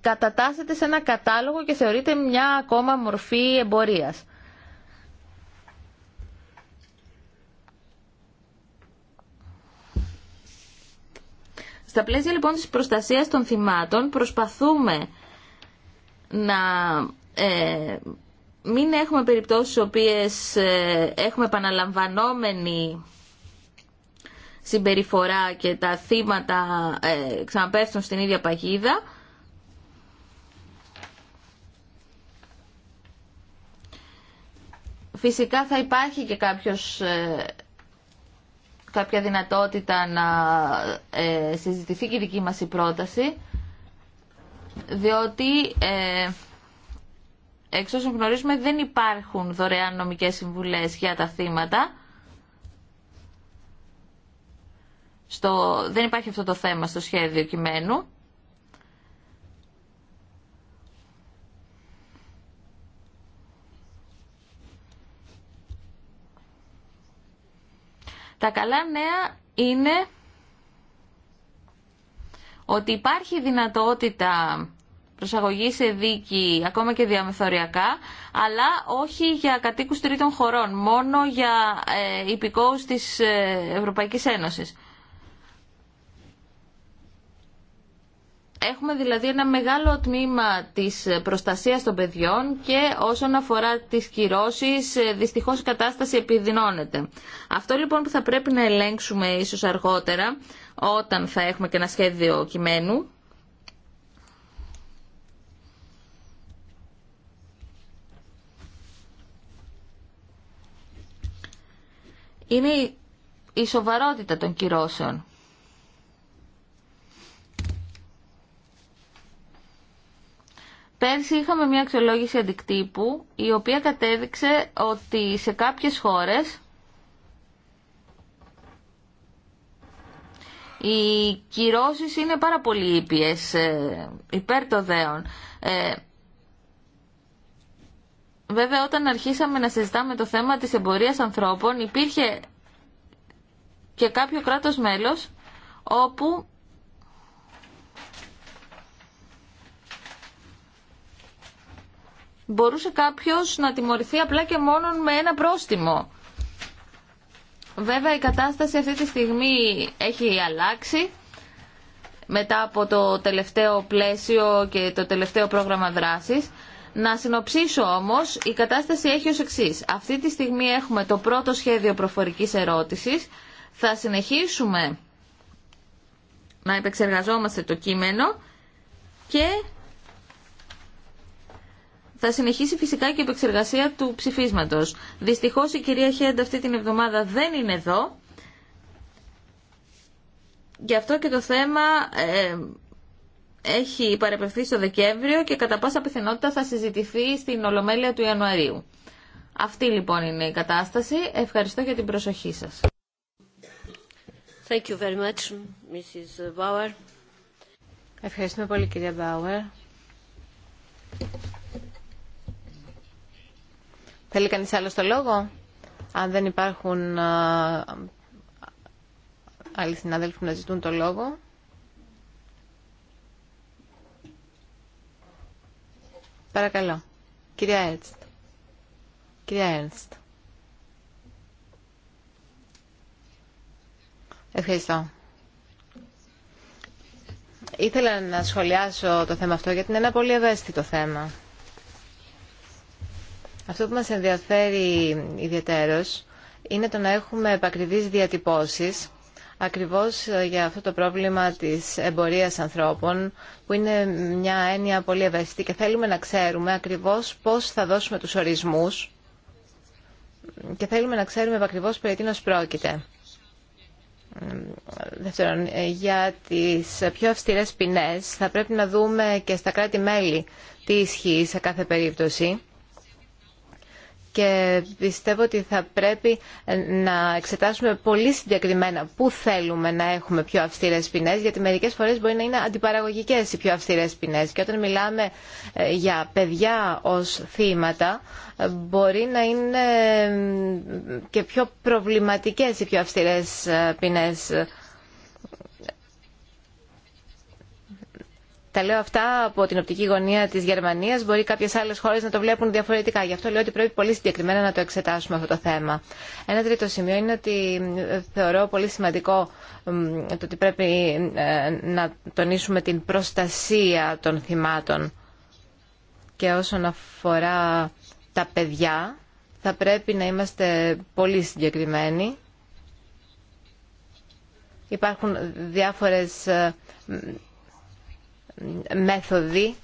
κατατάσσεται σε ένα κατάλογο και θεωρείται μια ακόμα μορφή εμπορίας. Στα πλαίσια λοιπόν της προστασίας των θυμάτων προσπαθούμε να ε, μην έχουμε περιπτώσεις στις οποίες ε, έχουμε επαναλαμβανόμενη συμπεριφορά και τα θύματα ε, ξαναπέφτουν στην ίδια παγίδα Φυσικά θα υπάρχει και κάποιος, ε, κάποια δυνατότητα να ε, συζητηθεί και η δική μας η πρόταση, διότι ε, εξ όσων γνωρίζουμε δεν υπάρχουν δωρεάν νομικές συμβουλές για τα θύματα. Στο, δεν υπάρχει αυτό το θέμα στο σχέδιο κειμένου. Τα καλά νέα είναι ότι υπάρχει δυνατότητα προσαγωγή σε δίκη ακόμα και διαμεθοριακά, αλλά όχι για κατοίκους τρίτων χωρών, μόνο για ε, υπηκόους της ε, Ευρωπαϊκής Ένωσης. Έχουμε δηλαδή ένα μεγάλο τμήμα της προστασίας των παιδιών και όσον αφορά τις κυρώσεις ε, δυστυχώς η κατάσταση επιδεινώνεται. Αυτό λοιπόν που θα πρέπει να ελέγξουμε ίσως αργότερα όταν θα έχουμε και ένα σχέδιο κειμένου είναι η σοβαρότητα των κυρώσεων. Πέρσι είχαμε μια αξιολόγηση αντικτύπου η οποία κατέδειξε ότι σε κάποιες χώρες οι κυρώσεις είναι πάρα πολύ ήπιες ε, υπέρ το δέον. Ε, βέβαια όταν αρχίσαμε να συζητάμε το θέμα της εμπορίας ανθρώπων υπήρχε και κάποιο κράτος μέλος όπου μπορούσε κάποιος να τιμωρηθεί απλά και μόνο με ένα πρόστιμο. Βέβαια η κατάσταση αυτή τη στιγμή έχει αλλάξει μετά από το τελευταίο πλαίσιο και το τελευταίο πρόγραμμα δράσης. Να συνοψίσω όμως, η κατάσταση έχει ως εξής. Αυτή τη στιγμή έχουμε το πρώτο σχέδιο προφορικής ερώτησης. Θα συνεχίσουμε να επεξεργαζόμαστε το κείμενο και θα συνεχίσει φυσικά και η επεξεργασία του ψηφίσματος. Δυστυχώς η κυρία Χέντ αυτή την εβδομάδα δεν είναι εδώ. Γι' αυτό και το θέμα ε, έχει παρεπευθεί στο Δεκέμβριο και κατά πάσα πιθανότητα θα συζητηθεί στην Ολομέλεια του Ιανουαρίου. Αυτή λοιπόν είναι η κατάσταση. Ευχαριστώ για την προσοχή σας. Thank you very much, Mrs. Ευχαριστούμε πολύ κυρία Μπάουερ. Θέλει κανείς άλλο το λόγο. Αν δεν υπάρχουν άλλοι συνάδελφοι να ζητούν το λόγο. Παρακαλώ. Κυρία Έρνστ. Κυρία Έρνστ. Ευχαριστώ. Ήθελα να σχολιάσω το θέμα αυτό γιατί είναι ένα πολύ ευαίσθητο θέμα. Αυτό που μας ενδιαφέρει ιδιαίτερος είναι το να έχουμε επακριβείς διατυπώσεις ακριβώς για αυτό το πρόβλημα της εμπορίας ανθρώπων που είναι μια έννοια πολύ ευαίσθητη και θέλουμε να ξέρουμε ακριβώς πώς θα δώσουμε τους ορισμούς και θέλουμε να ξέρουμε ακριβώς περί τίνος πρόκειται. Δεύτερον, για τις πιο αυστηρές ποινές θα πρέπει να δούμε και στα κράτη-μέλη τι ισχύει σε κάθε περίπτωση και πιστεύω ότι θα πρέπει να εξετάσουμε πολύ συγκεκριμένα πού θέλουμε να έχουμε πιο αυστηρές ποινές γιατί μερικές φορές μπορεί να είναι αντιπαραγωγικές οι πιο αυστηρές ποινές και όταν μιλάμε ε, για παιδιά ως θύματα ε, μπορεί να είναι ε, και πιο προβληματικές οι πιο αυστηρές ποινές Τα λέω αυτά από την οπτική γωνία τη Γερμανία. Μπορεί κάποιε άλλε χώρε να το βλέπουν διαφορετικά. Γι' αυτό λέω ότι πρέπει πολύ συγκεκριμένα να το εξετάσουμε αυτό το θέμα. Ένα τρίτο σημείο είναι ότι ε, θεωρώ πολύ σημαντικό το ότι πρέπει ε, να τονίσουμε την προστασία των θυμάτων. Και όσον αφορά τα παιδιά, θα πρέπει να είμαστε πολύ συγκεκριμένοι. Υπάρχουν διάφορες ε, μέθοδοι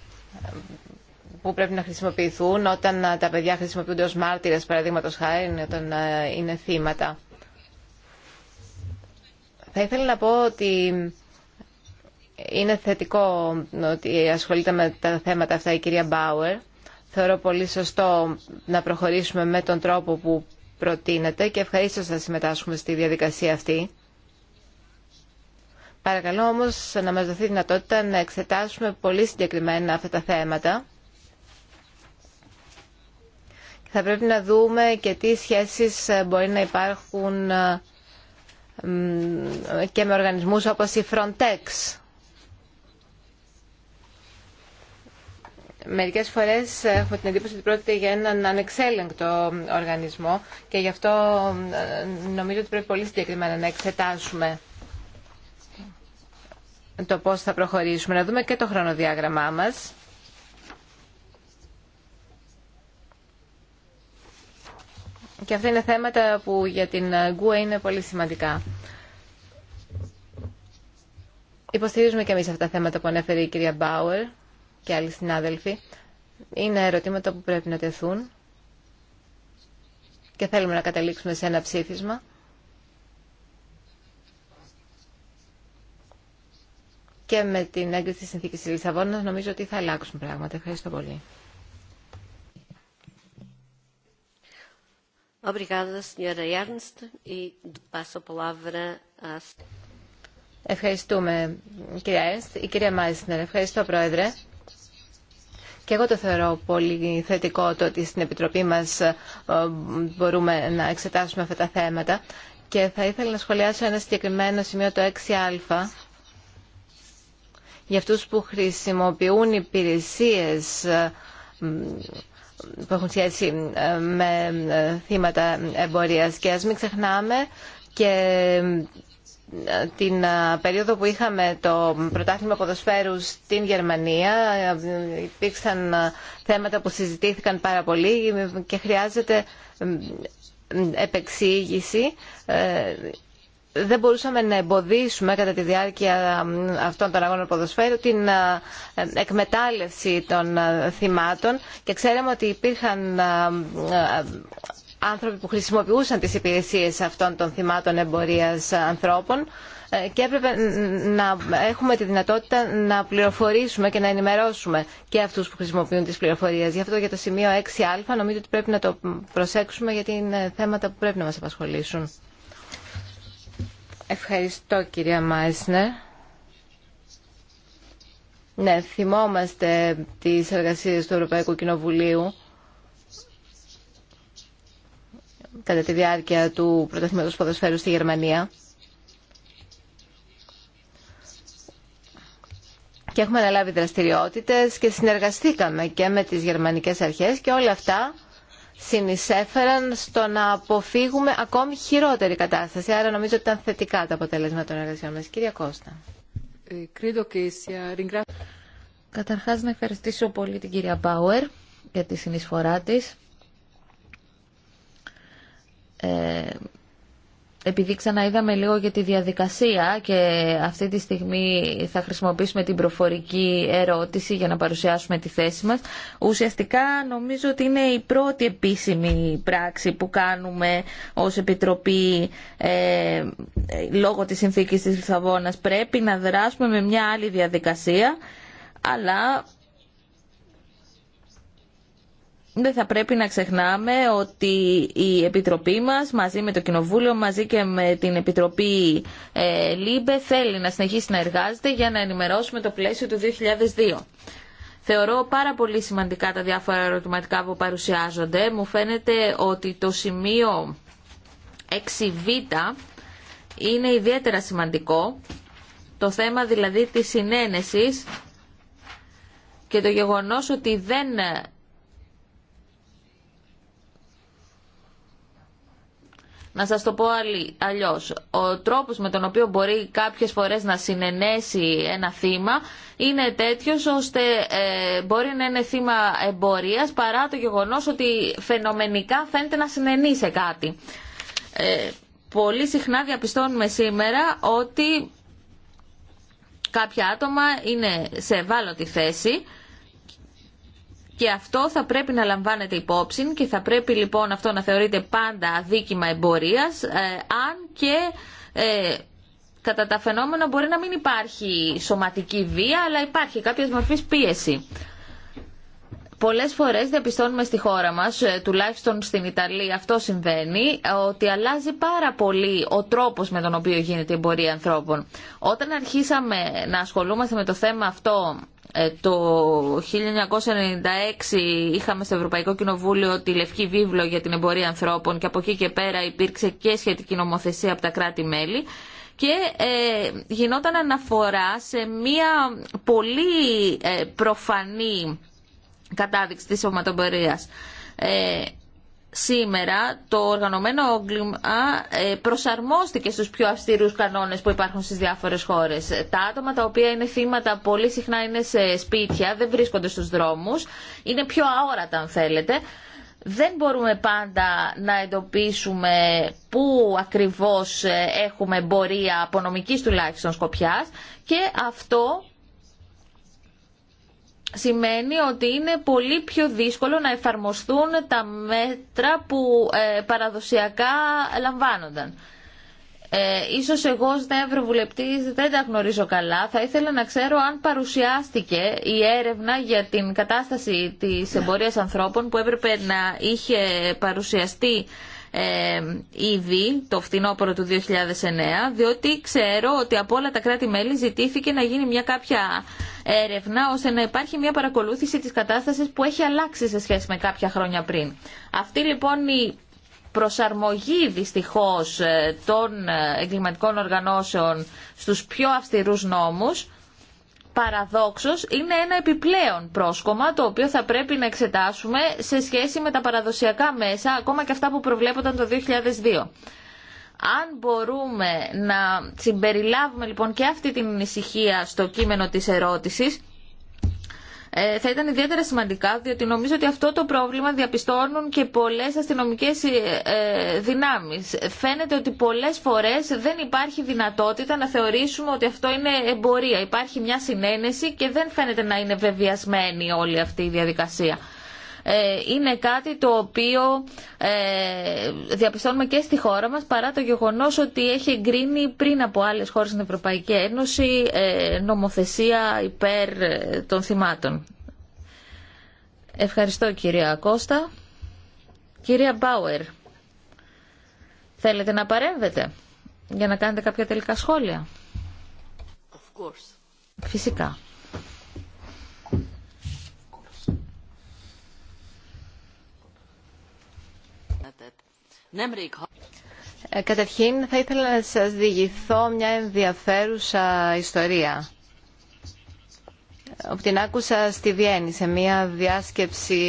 που πρέπει να χρησιμοποιηθούν όταν ε, τα παιδιά χρησιμοποιούνται ως μάρτυρες, παραδείγματος χάρη, όταν ε, είναι θύματα. Θα ήθελα να πω ότι είναι θετικό ότι ασχολείται με τα θέματα αυτά η κυρία Μπάουερ. Θεωρώ πολύ σωστό να προχωρήσουμε με τον τρόπο που προτείνεται και ευχαρίστω να συμμετάσχουμε στη διαδικασία αυτή. Παρακαλώ όμως να μας δοθεί δυνατότητα να εξετάσουμε πολύ συγκεκριμένα αυτά τα θέματα. Θα πρέπει να δούμε και τι σχέσεις ε, μπορεί να υπάρχουν ε, και με οργανισμούς όπως η Frontex. Μερικές φορές έχουμε την εντύπωση ότι πρόκειται για έναν ανεξέλεγκτο οργανισμό και γι' αυτό ε, νομίζω ότι πρέπει πολύ συγκεκριμένα να εξετάσουμε το πώς θα προχωρήσουμε, να δούμε και το χρονοδιάγραμμά μας. Και αυτά είναι θέματα που για την ΓΚΟΕ είναι πολύ σημαντικά. Υποστηρίζουμε και εμείς αυτά τα θέματα που ανέφερε η κυρία Μπάουερ και άλλοι συνάδελφοι. Είναι ερωτήματα που πρέπει να τεθούν και θέλουμε να καταλήξουμε σε ένα ψήφισμα. και με την έγκριση της συνθήκης της Λισαβόνας νομίζω ότι θα αλλάξουν πράγματα. Ευχαριστώ πολύ. E Ευχαριστούμε, κυρία Έρνστ. Η κυρία Μάισνερ, ευχαριστώ, Πρόεδρε. Και εγώ το θεωρώ πολύ θετικό το ότι στην Επιτροπή μας ε, μπορούμε να εξετάσουμε αυτά τα θέματα. Και θα ήθελα να σχολιάσω ένα συγκεκριμένο σημείο, το 6α, για αυτούς που χρησιμοποιούν υπηρεσίες ε, που έχουν σχέση ε, με ε, θύματα εμπορίας. Και ας μην ξεχνάμε και την περίοδο που είχαμε το πρωτάθλημα ποδοσφαίρου στην Γερμανία υπήρξαν θέματα που συζητήθηκαν πάρα πολύ και χρειάζεται επεξήγηση δεν μπορούσαμε να εμποδίσουμε κατά τη διάρκεια αυτών των αγώνων ποδοσφαίρου την εκμετάλλευση των θυμάτων και ξέραμε ότι υπήρχαν άνθρωποι που χρησιμοποιούσαν τις υπηρεσίες αυτών των θυμάτων εμπορίας ανθρώπων ε, και έπρεπε να έχουμε τη δυνατότητα να πληροφορήσουμε και να ενημερώσουμε και αυτούς που χρησιμοποιούν τις πληροφορίες. Γι' αυτό για το σημείο 6α νομίζω ότι πρέπει να το προσέξουμε γιατί είναι θέματα που πρέπει να μας απασχολήσουν. Ευχαριστώ κυρία Μάισνερ. Ναι, θυμόμαστε τις εργασίες του Ευρωπαϊκού Κοινοβουλίου κατά τη διάρκεια του πρωταθμίωτος ποδοσφαίρου στη Γερμανία. Και έχουμε αναλάβει δραστηριότητες και συνεργαστήκαμε και με τις γερμανικές αρχές και όλα αυτά συνεισέφεραν στο να αποφύγουμε ακόμη χειρότερη κατάσταση. Άρα νομίζω ότι ήταν θετικά τα αποτελέσματα των εργασιών μας. Κυρία Κώστα. Καταρχάς να ευχαριστήσω πολύ την κυρία Μπάουερ για τη συνεισφορά της ε, επειδή ξαναείδαμε λίγο για τη διαδικασία και αυτή τη στιγμή θα χρησιμοποιήσουμε την προφορική ερώτηση για να παρουσιάσουμε τη θέση μας, ουσιαστικά νομίζω ότι είναι η πρώτη επίσημη πράξη που κάνουμε ως Επιτροπή ε, λόγω της συνθήκης της Λισαβόνας. Πρέπει να δράσουμε με μια άλλη διαδικασία, αλλά δεν θα πρέπει να ξεχνάμε ότι η Επιτροπή μας μαζί με το Κοινοβούλιο, μαζί και με την Επιτροπή ε, ΛΥΜΠΕ θέλει να συνεχίσει να εργάζεται για να ενημερώσουμε το πλαίσιο του 2002. Θεωρώ πάρα πολύ σημαντικά τα διάφορα ερωτηματικά που παρουσιάζονται. Μου φαίνεται ότι το σημείο 6β είναι ιδιαίτερα σημαντικό. Το θέμα δηλαδή της συνένεσης και το γεγονός ότι δεν Να σας το πω αλλιώς. Ο τρόπος με τον οποίο μπορεί κάποιες φορές να συνενέσει ένα θύμα είναι τέτοιος ώστε ε, μπορεί να είναι θύμα εμπορίας παρά το γεγονός ότι φαινομενικά φαίνεται να συνενεί σε κάτι. Ε, πολύ συχνά διαπιστώνουμε σήμερα ότι κάποια άτομα είναι σε ευάλωτη θέση και αυτό θα πρέπει να λαμβάνεται υπόψη και θα πρέπει λοιπόν αυτό να θεωρείται πάντα αδίκημα εμπορίας ε, αν και ε, κατά τα φαινόμενα μπορεί να μην υπάρχει σωματική βία αλλά υπάρχει κάποια μορφής πίεση. Πολλές φορές διαπιστώνουμε στη χώρα μας, ε, τουλάχιστον στην Ιταλία αυτό συμβαίνει, ότι αλλάζει πάρα πολύ ο τρόπος με τον οποίο γίνεται η εμπορία ανθρώπων. Όταν αρχίσαμε να ασχολούμαστε με το θέμα αυτό ε, το 1996 είχαμε στο Ευρωπαϊκό Κοινοβούλιο τη Λευκή Βίβλο για την εμπορία ανθρώπων και από εκεί και πέρα υπήρξε και σχετική νομοθεσία από τα κράτη-μέλη και ε, γινόταν αναφορά σε μία πολύ ε, προφανή κατάδειξη της σωματοπορίας. Ε, σήμερα το οργανωμένο όγκλημα ε, προσαρμόστηκε στους πιο αυστηρούς κανόνες που υπάρχουν στις διάφορες χώρες. Τα άτομα τα οποία είναι θύματα πολύ συχνά είναι σε σπίτια, δεν βρίσκονται στους δρόμους, είναι πιο αόρατα αν θέλετε. Δεν μπορούμε πάντα να εντοπίσουμε πού ακριβώς ε, έχουμε εμπορία απονομικής τουλάχιστον σκοπιάς και αυτό σημαίνει ότι είναι πολύ πιο δύσκολο να εφαρμοστούν τα μέτρα που ε, παραδοσιακά λαμβάνονταν. Ε, ίσως εγώ ως νέα δεν τα γνωρίζω καλά. Θα ήθελα να ξέρω αν παρουσιάστηκε η έρευνα για την κατάσταση της εμπορίας ανθρώπων που έπρεπε να είχε παρουσιαστεί ε, ήδη το φθινόπωρο του 2009, διότι ξέρω ότι από όλα τα κράτη-μέλη ζητήθηκε να γίνει μια κάποια έρευνα ώστε να υπάρχει μια παρακολούθηση της κατάστασης που έχει αλλάξει σε σχέση με κάποια χρόνια πριν. Αυτή λοιπόν η προσαρμογή δυστυχώς ε, των ε, εγκληματικών οργανώσεων στους πιο αυστηρούς νόμους παραδόξως είναι ένα επιπλέον πρόσκομα το οποίο θα πρέπει να εξετάσουμε σε σχέση με τα παραδοσιακά μέσα ακόμα και αυτά που προβλέπονταν το 2002. Αν μπορούμε να συμπεριλάβουμε λοιπόν και αυτή την ησυχία στο κείμενο της ερώτησης, ε, θα ήταν ιδιαίτερα σημαντικά, διότι νομίζω ότι αυτό το πρόβλημα διαπιστώνουν και πολλές αστυνομικές ε, ε, δυνάμεις. Φαίνεται ότι πολλές φορές δεν υπάρχει δυνατότητα να θεωρήσουμε ότι αυτό είναι εμπορία. Υπάρχει μια συνένεση και δεν φαίνεται να είναι βεβαιασμένη όλη αυτή η διαδικασία. Ε, είναι κάτι το οποίο ε, διαπιστώνουμε και στη χώρα μας παρά το γεγονός ότι έχει εγκρίνει πριν από άλλες χώρες στην Ευρωπαϊκή Ένωση ε, νομοθεσία υπέρ των θυμάτων. Ευχαριστώ κυρία Κώστα. Κυρία Μπάουερ, θέλετε να παρέμβετε για να κάνετε κάποια τελικά σχόλια. Φυσικά. Ε, καταρχήν θα ήθελα να σας διηγηθώ μια ενδιαφέρουσα ιστορία την άκουσα στη Βιέννη σε μια διάσκεψη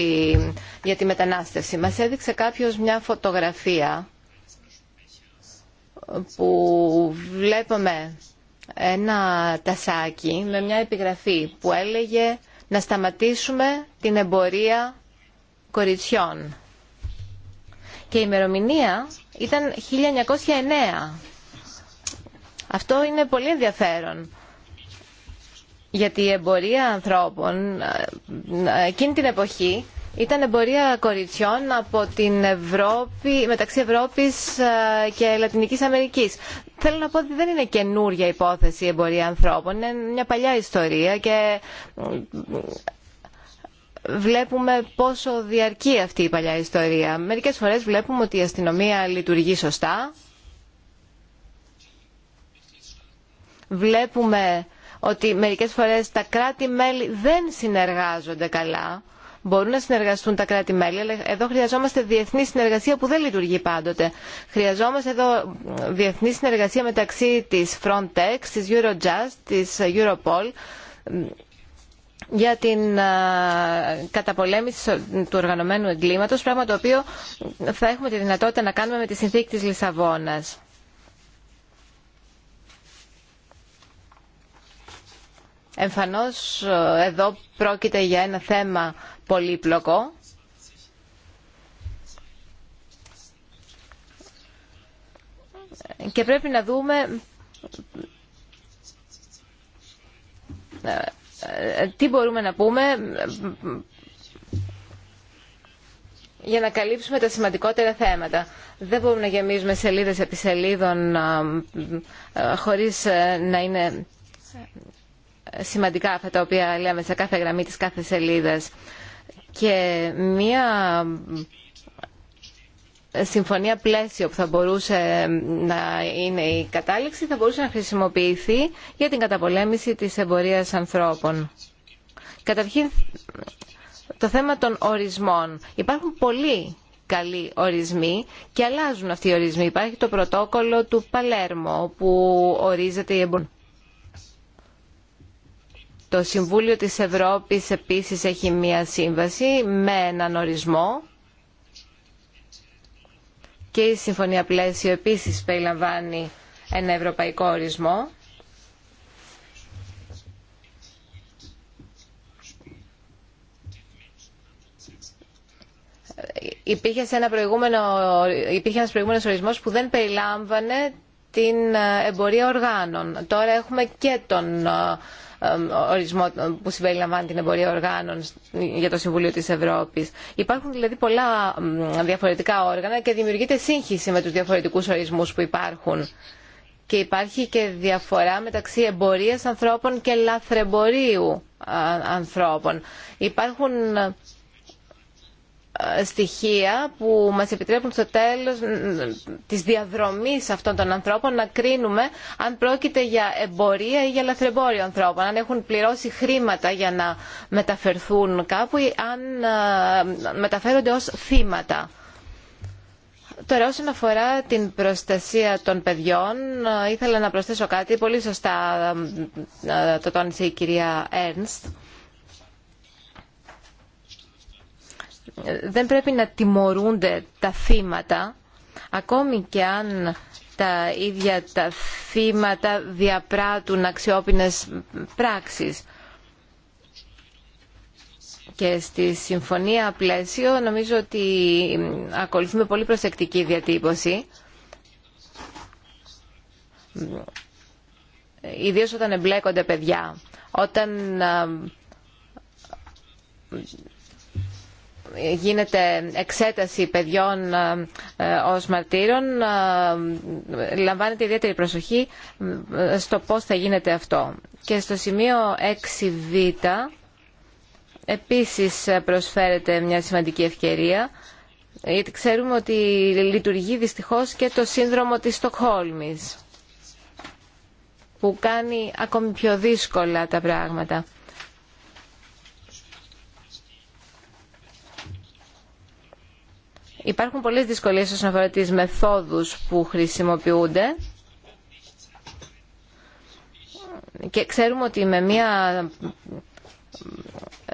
για τη μετανάστευση. Μας έδειξε κάποιος μια φωτογραφία που βλέπουμε ένα τασάκι με μια επιγραφή που έλεγε να σταματήσουμε την εμπορία κοριτσιών και η ημερομηνία ήταν 1909. Αυτό είναι πολύ ενδιαφέρον. Γιατί η εμπορία ανθρώπων ε, εκείνη την εποχή ήταν εμπορία κοριτσιών από την Ευρώπη, μεταξύ Ευρώπης ε, και Λατινικής Αμερικής. Θέλω να πω ότι δεν είναι καινούρια υπόθεση η εμπορία ανθρώπων, είναι μια παλιά ιστορία και βλέπουμε πόσο διαρκεί αυτή η παλιά ιστορία. Μερικές φορές βλέπουμε ότι η αστυνομία λειτουργεί σωστά. Βλέπουμε ότι μερικές φορές τα κράτη-μέλη δεν συνεργάζονται καλά. Μπορούν να συνεργαστούν τα κράτη-μέλη, αλλά εδώ χρειαζόμαστε διεθνή συνεργασία που δεν λειτουργεί πάντοτε. Χρειαζόμαστε εδώ διεθνή συνεργασία μεταξύ της Frontex, της Eurojust, της Europol, για την καταπολέμηση του οργανωμένου εγκλήματος, πράγμα το οποίο θα έχουμε τη δυνατότητα να κάνουμε με τη συνθήκη της Λισαβόνας. Εμφανώς εδώ πρόκειται για ένα θέμα πολύπλοκο. Και πρέπει να δούμε ε, τι μπορούμε να πούμε για να καλύψουμε τα σημαντικότερα θέματα. Δεν μπορούμε να γεμίζουμε σελίδες επί σελίδων χωρίς ε, να είναι σημαντικά αυτά τα οποία λέμε σε κάθε γραμμή της κάθε σελίδας. Και μία συμφωνία πλαίσιο που θα μπορούσε να είναι η κατάληξη θα μπορούσε να χρησιμοποιηθεί για την καταπολέμηση της εμπορίας ανθρώπων. Καταρχήν το θέμα των ορισμών. Υπάρχουν πολλοί καλοί ορισμοί και αλλάζουν αυτοί οι ορισμοί. Υπάρχει το πρωτόκολλο του Παλέρμο που ορίζεται η εμπορία. Το Συμβούλιο της Ευρώπης επίσης έχει μία σύμβαση με έναν ορισμό και η συμφωνία πλαίσιο επίσης περιλαμβάνει ένα ευρωπαϊκό ορισμό. Υπήρχε, σε ένα προηγούμενο, υπήρχε ένας προηγούμενος ορισμός που δεν περιλάμβανε την ε, εμπορία οργάνων. Τώρα έχουμε και τον ε, ορισμό που συμπεριλαμβάνει την εμπορία οργάνων για το Συμβουλίο της Ευρώπης. Υπάρχουν δηλαδή πολλά διαφορετικά όργανα και δημιουργείται σύγχυση με τους διαφορετικούς ορισμούς που υπάρχουν. Και υπάρχει και διαφορά μεταξύ εμπορίας ανθρώπων και λαθρεμπορίου ανθρώπων. Υπάρχουν ε, στοιχεία που μας επιτρέπουν στο τέλος της διαδρομής αυτών των ανθρώπων να κρίνουμε αν πρόκειται για εμπορία ή για λαθρεμπόριο ανθρώπων, αν έχουν πληρώσει χρήματα για να μεταφερθούν κάπου ή αν ε, μεταφέρονται ως θύματα. Τώρα όσον αφορά την προστασία των παιδιών, ε, ήθελα να προσθέσω κάτι, πολύ σωστά το τόνισε η κυρία Έρνστ δεν πρέπει να τιμωρούνται τα θύματα, ακόμη και αν τα ίδια τα θύματα διαπράττουν αξιόπινες πράξεις. Και στη συμφωνία πλαίσιο νομίζω ότι ακολουθούμε πολύ προσεκτική διατύπωση. Ιδίως όταν εμπλέκονται παιδιά. Όταν γίνεται εξέταση παιδιών ε, ε, ως μαρτύρων ε, λαμβάνεται ιδιαίτερη προσοχή στο πώς θα γίνεται αυτό. Και στο σημείο 6β επίσης προσφέρεται μια σημαντική ευκαιρία γιατί ξέρουμε ότι λειτουργεί δυστυχώς και το σύνδρομο της Στοκχόλμης που κάνει ακόμη πιο δύσκολα τα πράγματα. Υπάρχουν πολλές δυσκολίες όσον αφορά τις μεθόδους που χρησιμοποιούνται και ξέρουμε ότι με μια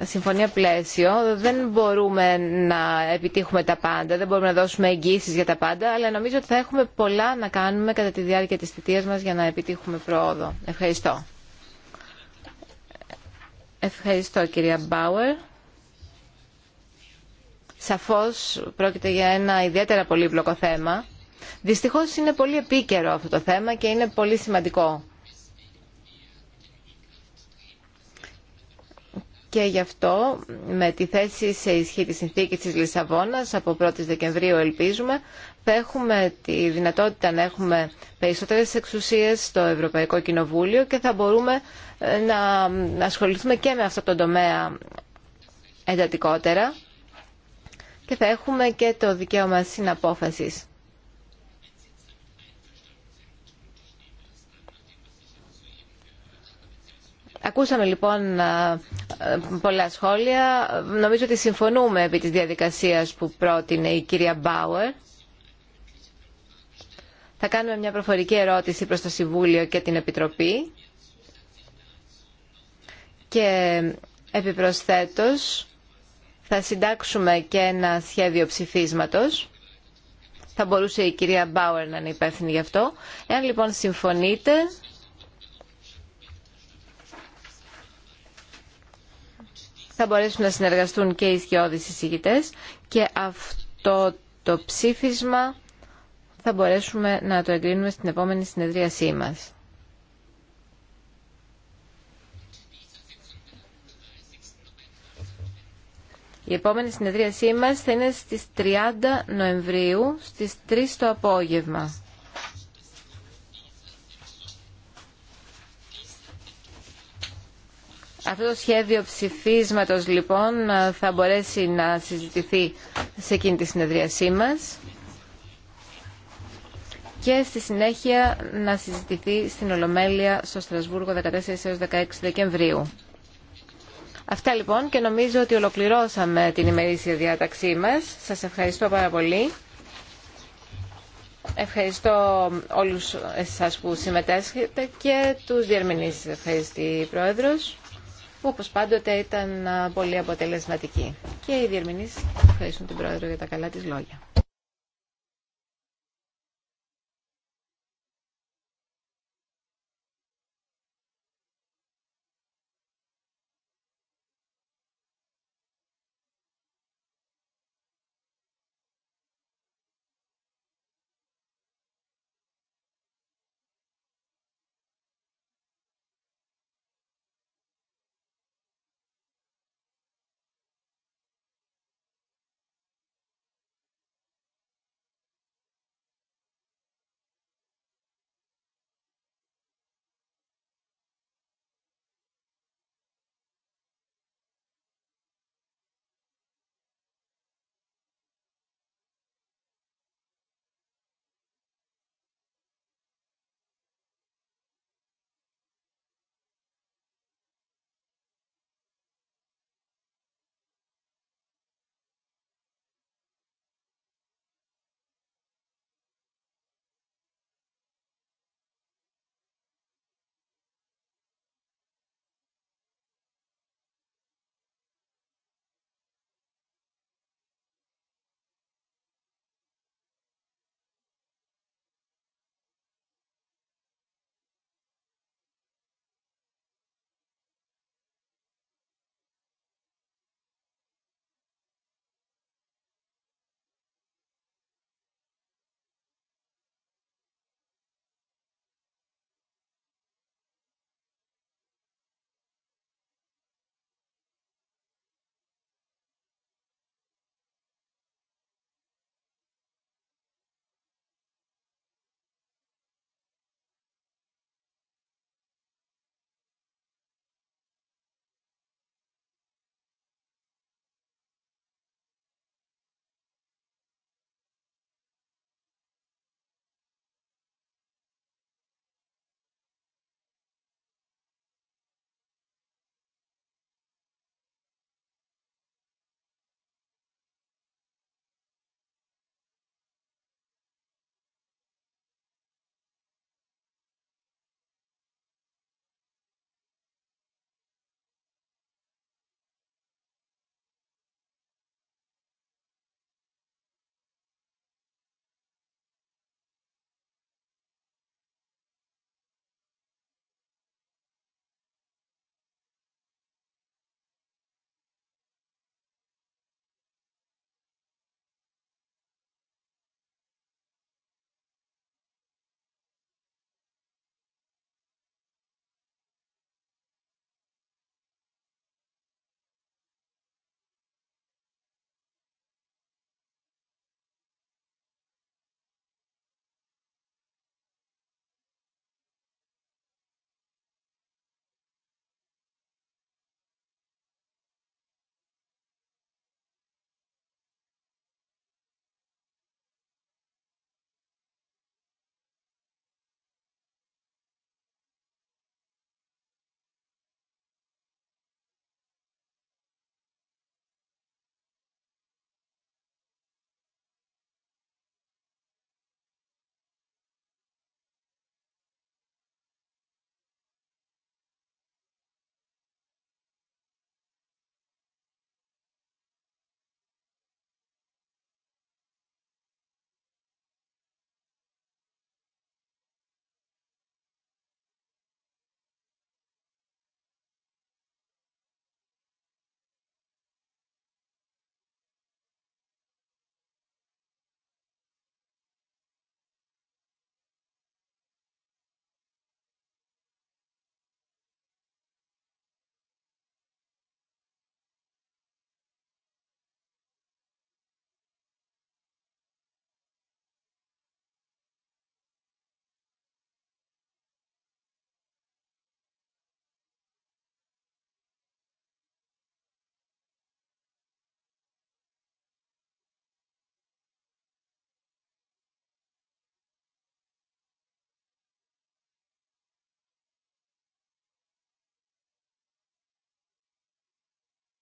συμφωνία πλαίσιο δεν μπορούμε να επιτύχουμε τα πάντα, δεν μπορούμε να δώσουμε εγγύησεις για τα πάντα, αλλά νομίζω ότι θα έχουμε πολλά να κάνουμε κατά τη διάρκεια της θητείας μας για να επιτύχουμε πρόοδο. Ευχαριστώ. Ευχαριστώ κυρία Μπάουερ. Σαφώς πρόκειται για ένα ιδιαίτερα πολύπλοκο θέμα. Δυστυχώς είναι πολύ επίκαιρο αυτό το θέμα και είναι πολύ σημαντικό. Και γι' αυτό με τη θέση σε ισχύ της συνθήκης της Λισαβόνας από 1η Δεκεμβρίου ελπίζουμε θα έχουμε τη δυνατότητα να έχουμε περισσότερες εξουσίες στο Ευρωπαϊκό Κοινοβούλιο και θα μπορούμε ε, να ασχοληθούμε και με αυτό το τομέα εντατικότερα και θα έχουμε και το δικαίωμα συναπόφασης. Ακούσαμε λοιπόν πολλά σχόλια. Νομίζω ότι συμφωνούμε επί της διαδικασίας που πρότεινε η κυρία Μπάουερ. Θα κάνουμε μια προφορική ερώτηση προς το Συμβούλιο και την Επιτροπή. Και επιπροσθέτως θα συντάξουμε και ένα σχέδιο ψηφίσματος. Θα μπορούσε η κυρία Μπάουερ να είναι υπεύθυνη γι' αυτό. Εάν λοιπόν συμφωνείτε, θα μπορέσουν να συνεργαστούν και οι ισχυώδεις εισηγητές και αυτό το ψήφισμα θα μπορέσουμε να το εγκρίνουμε στην επόμενη συνεδρίασή μας. Η επόμενη συνεδρίασή μας θα είναι στις 30 Νοεμβρίου, στις 3 το απόγευμα. Αυτό το σχέδιο ψηφίσματος λοιπόν θα μπορέσει να συζητηθεί σε εκείνη τη συνεδρίασή μας και στη συνέχεια να συζητηθεί στην Ολομέλεια στο Στρασβούργο 14 έως 16 Δεκεμβρίου. Αυτά λοιπόν και νομίζω ότι ολοκληρώσαμε την ημερήσια διάταξή μας. Σας ευχαριστώ πάρα πολύ. Ευχαριστώ όλους εσάς που συμμετέσχετε και τους διερμηνείς. Ευχαριστή η Πρόεδρος, που όπως πάντοτε ήταν πολύ αποτελεσματική. Και οι διερμηνείς ευχαριστούν την Πρόεδρο για τα καλά της λόγια.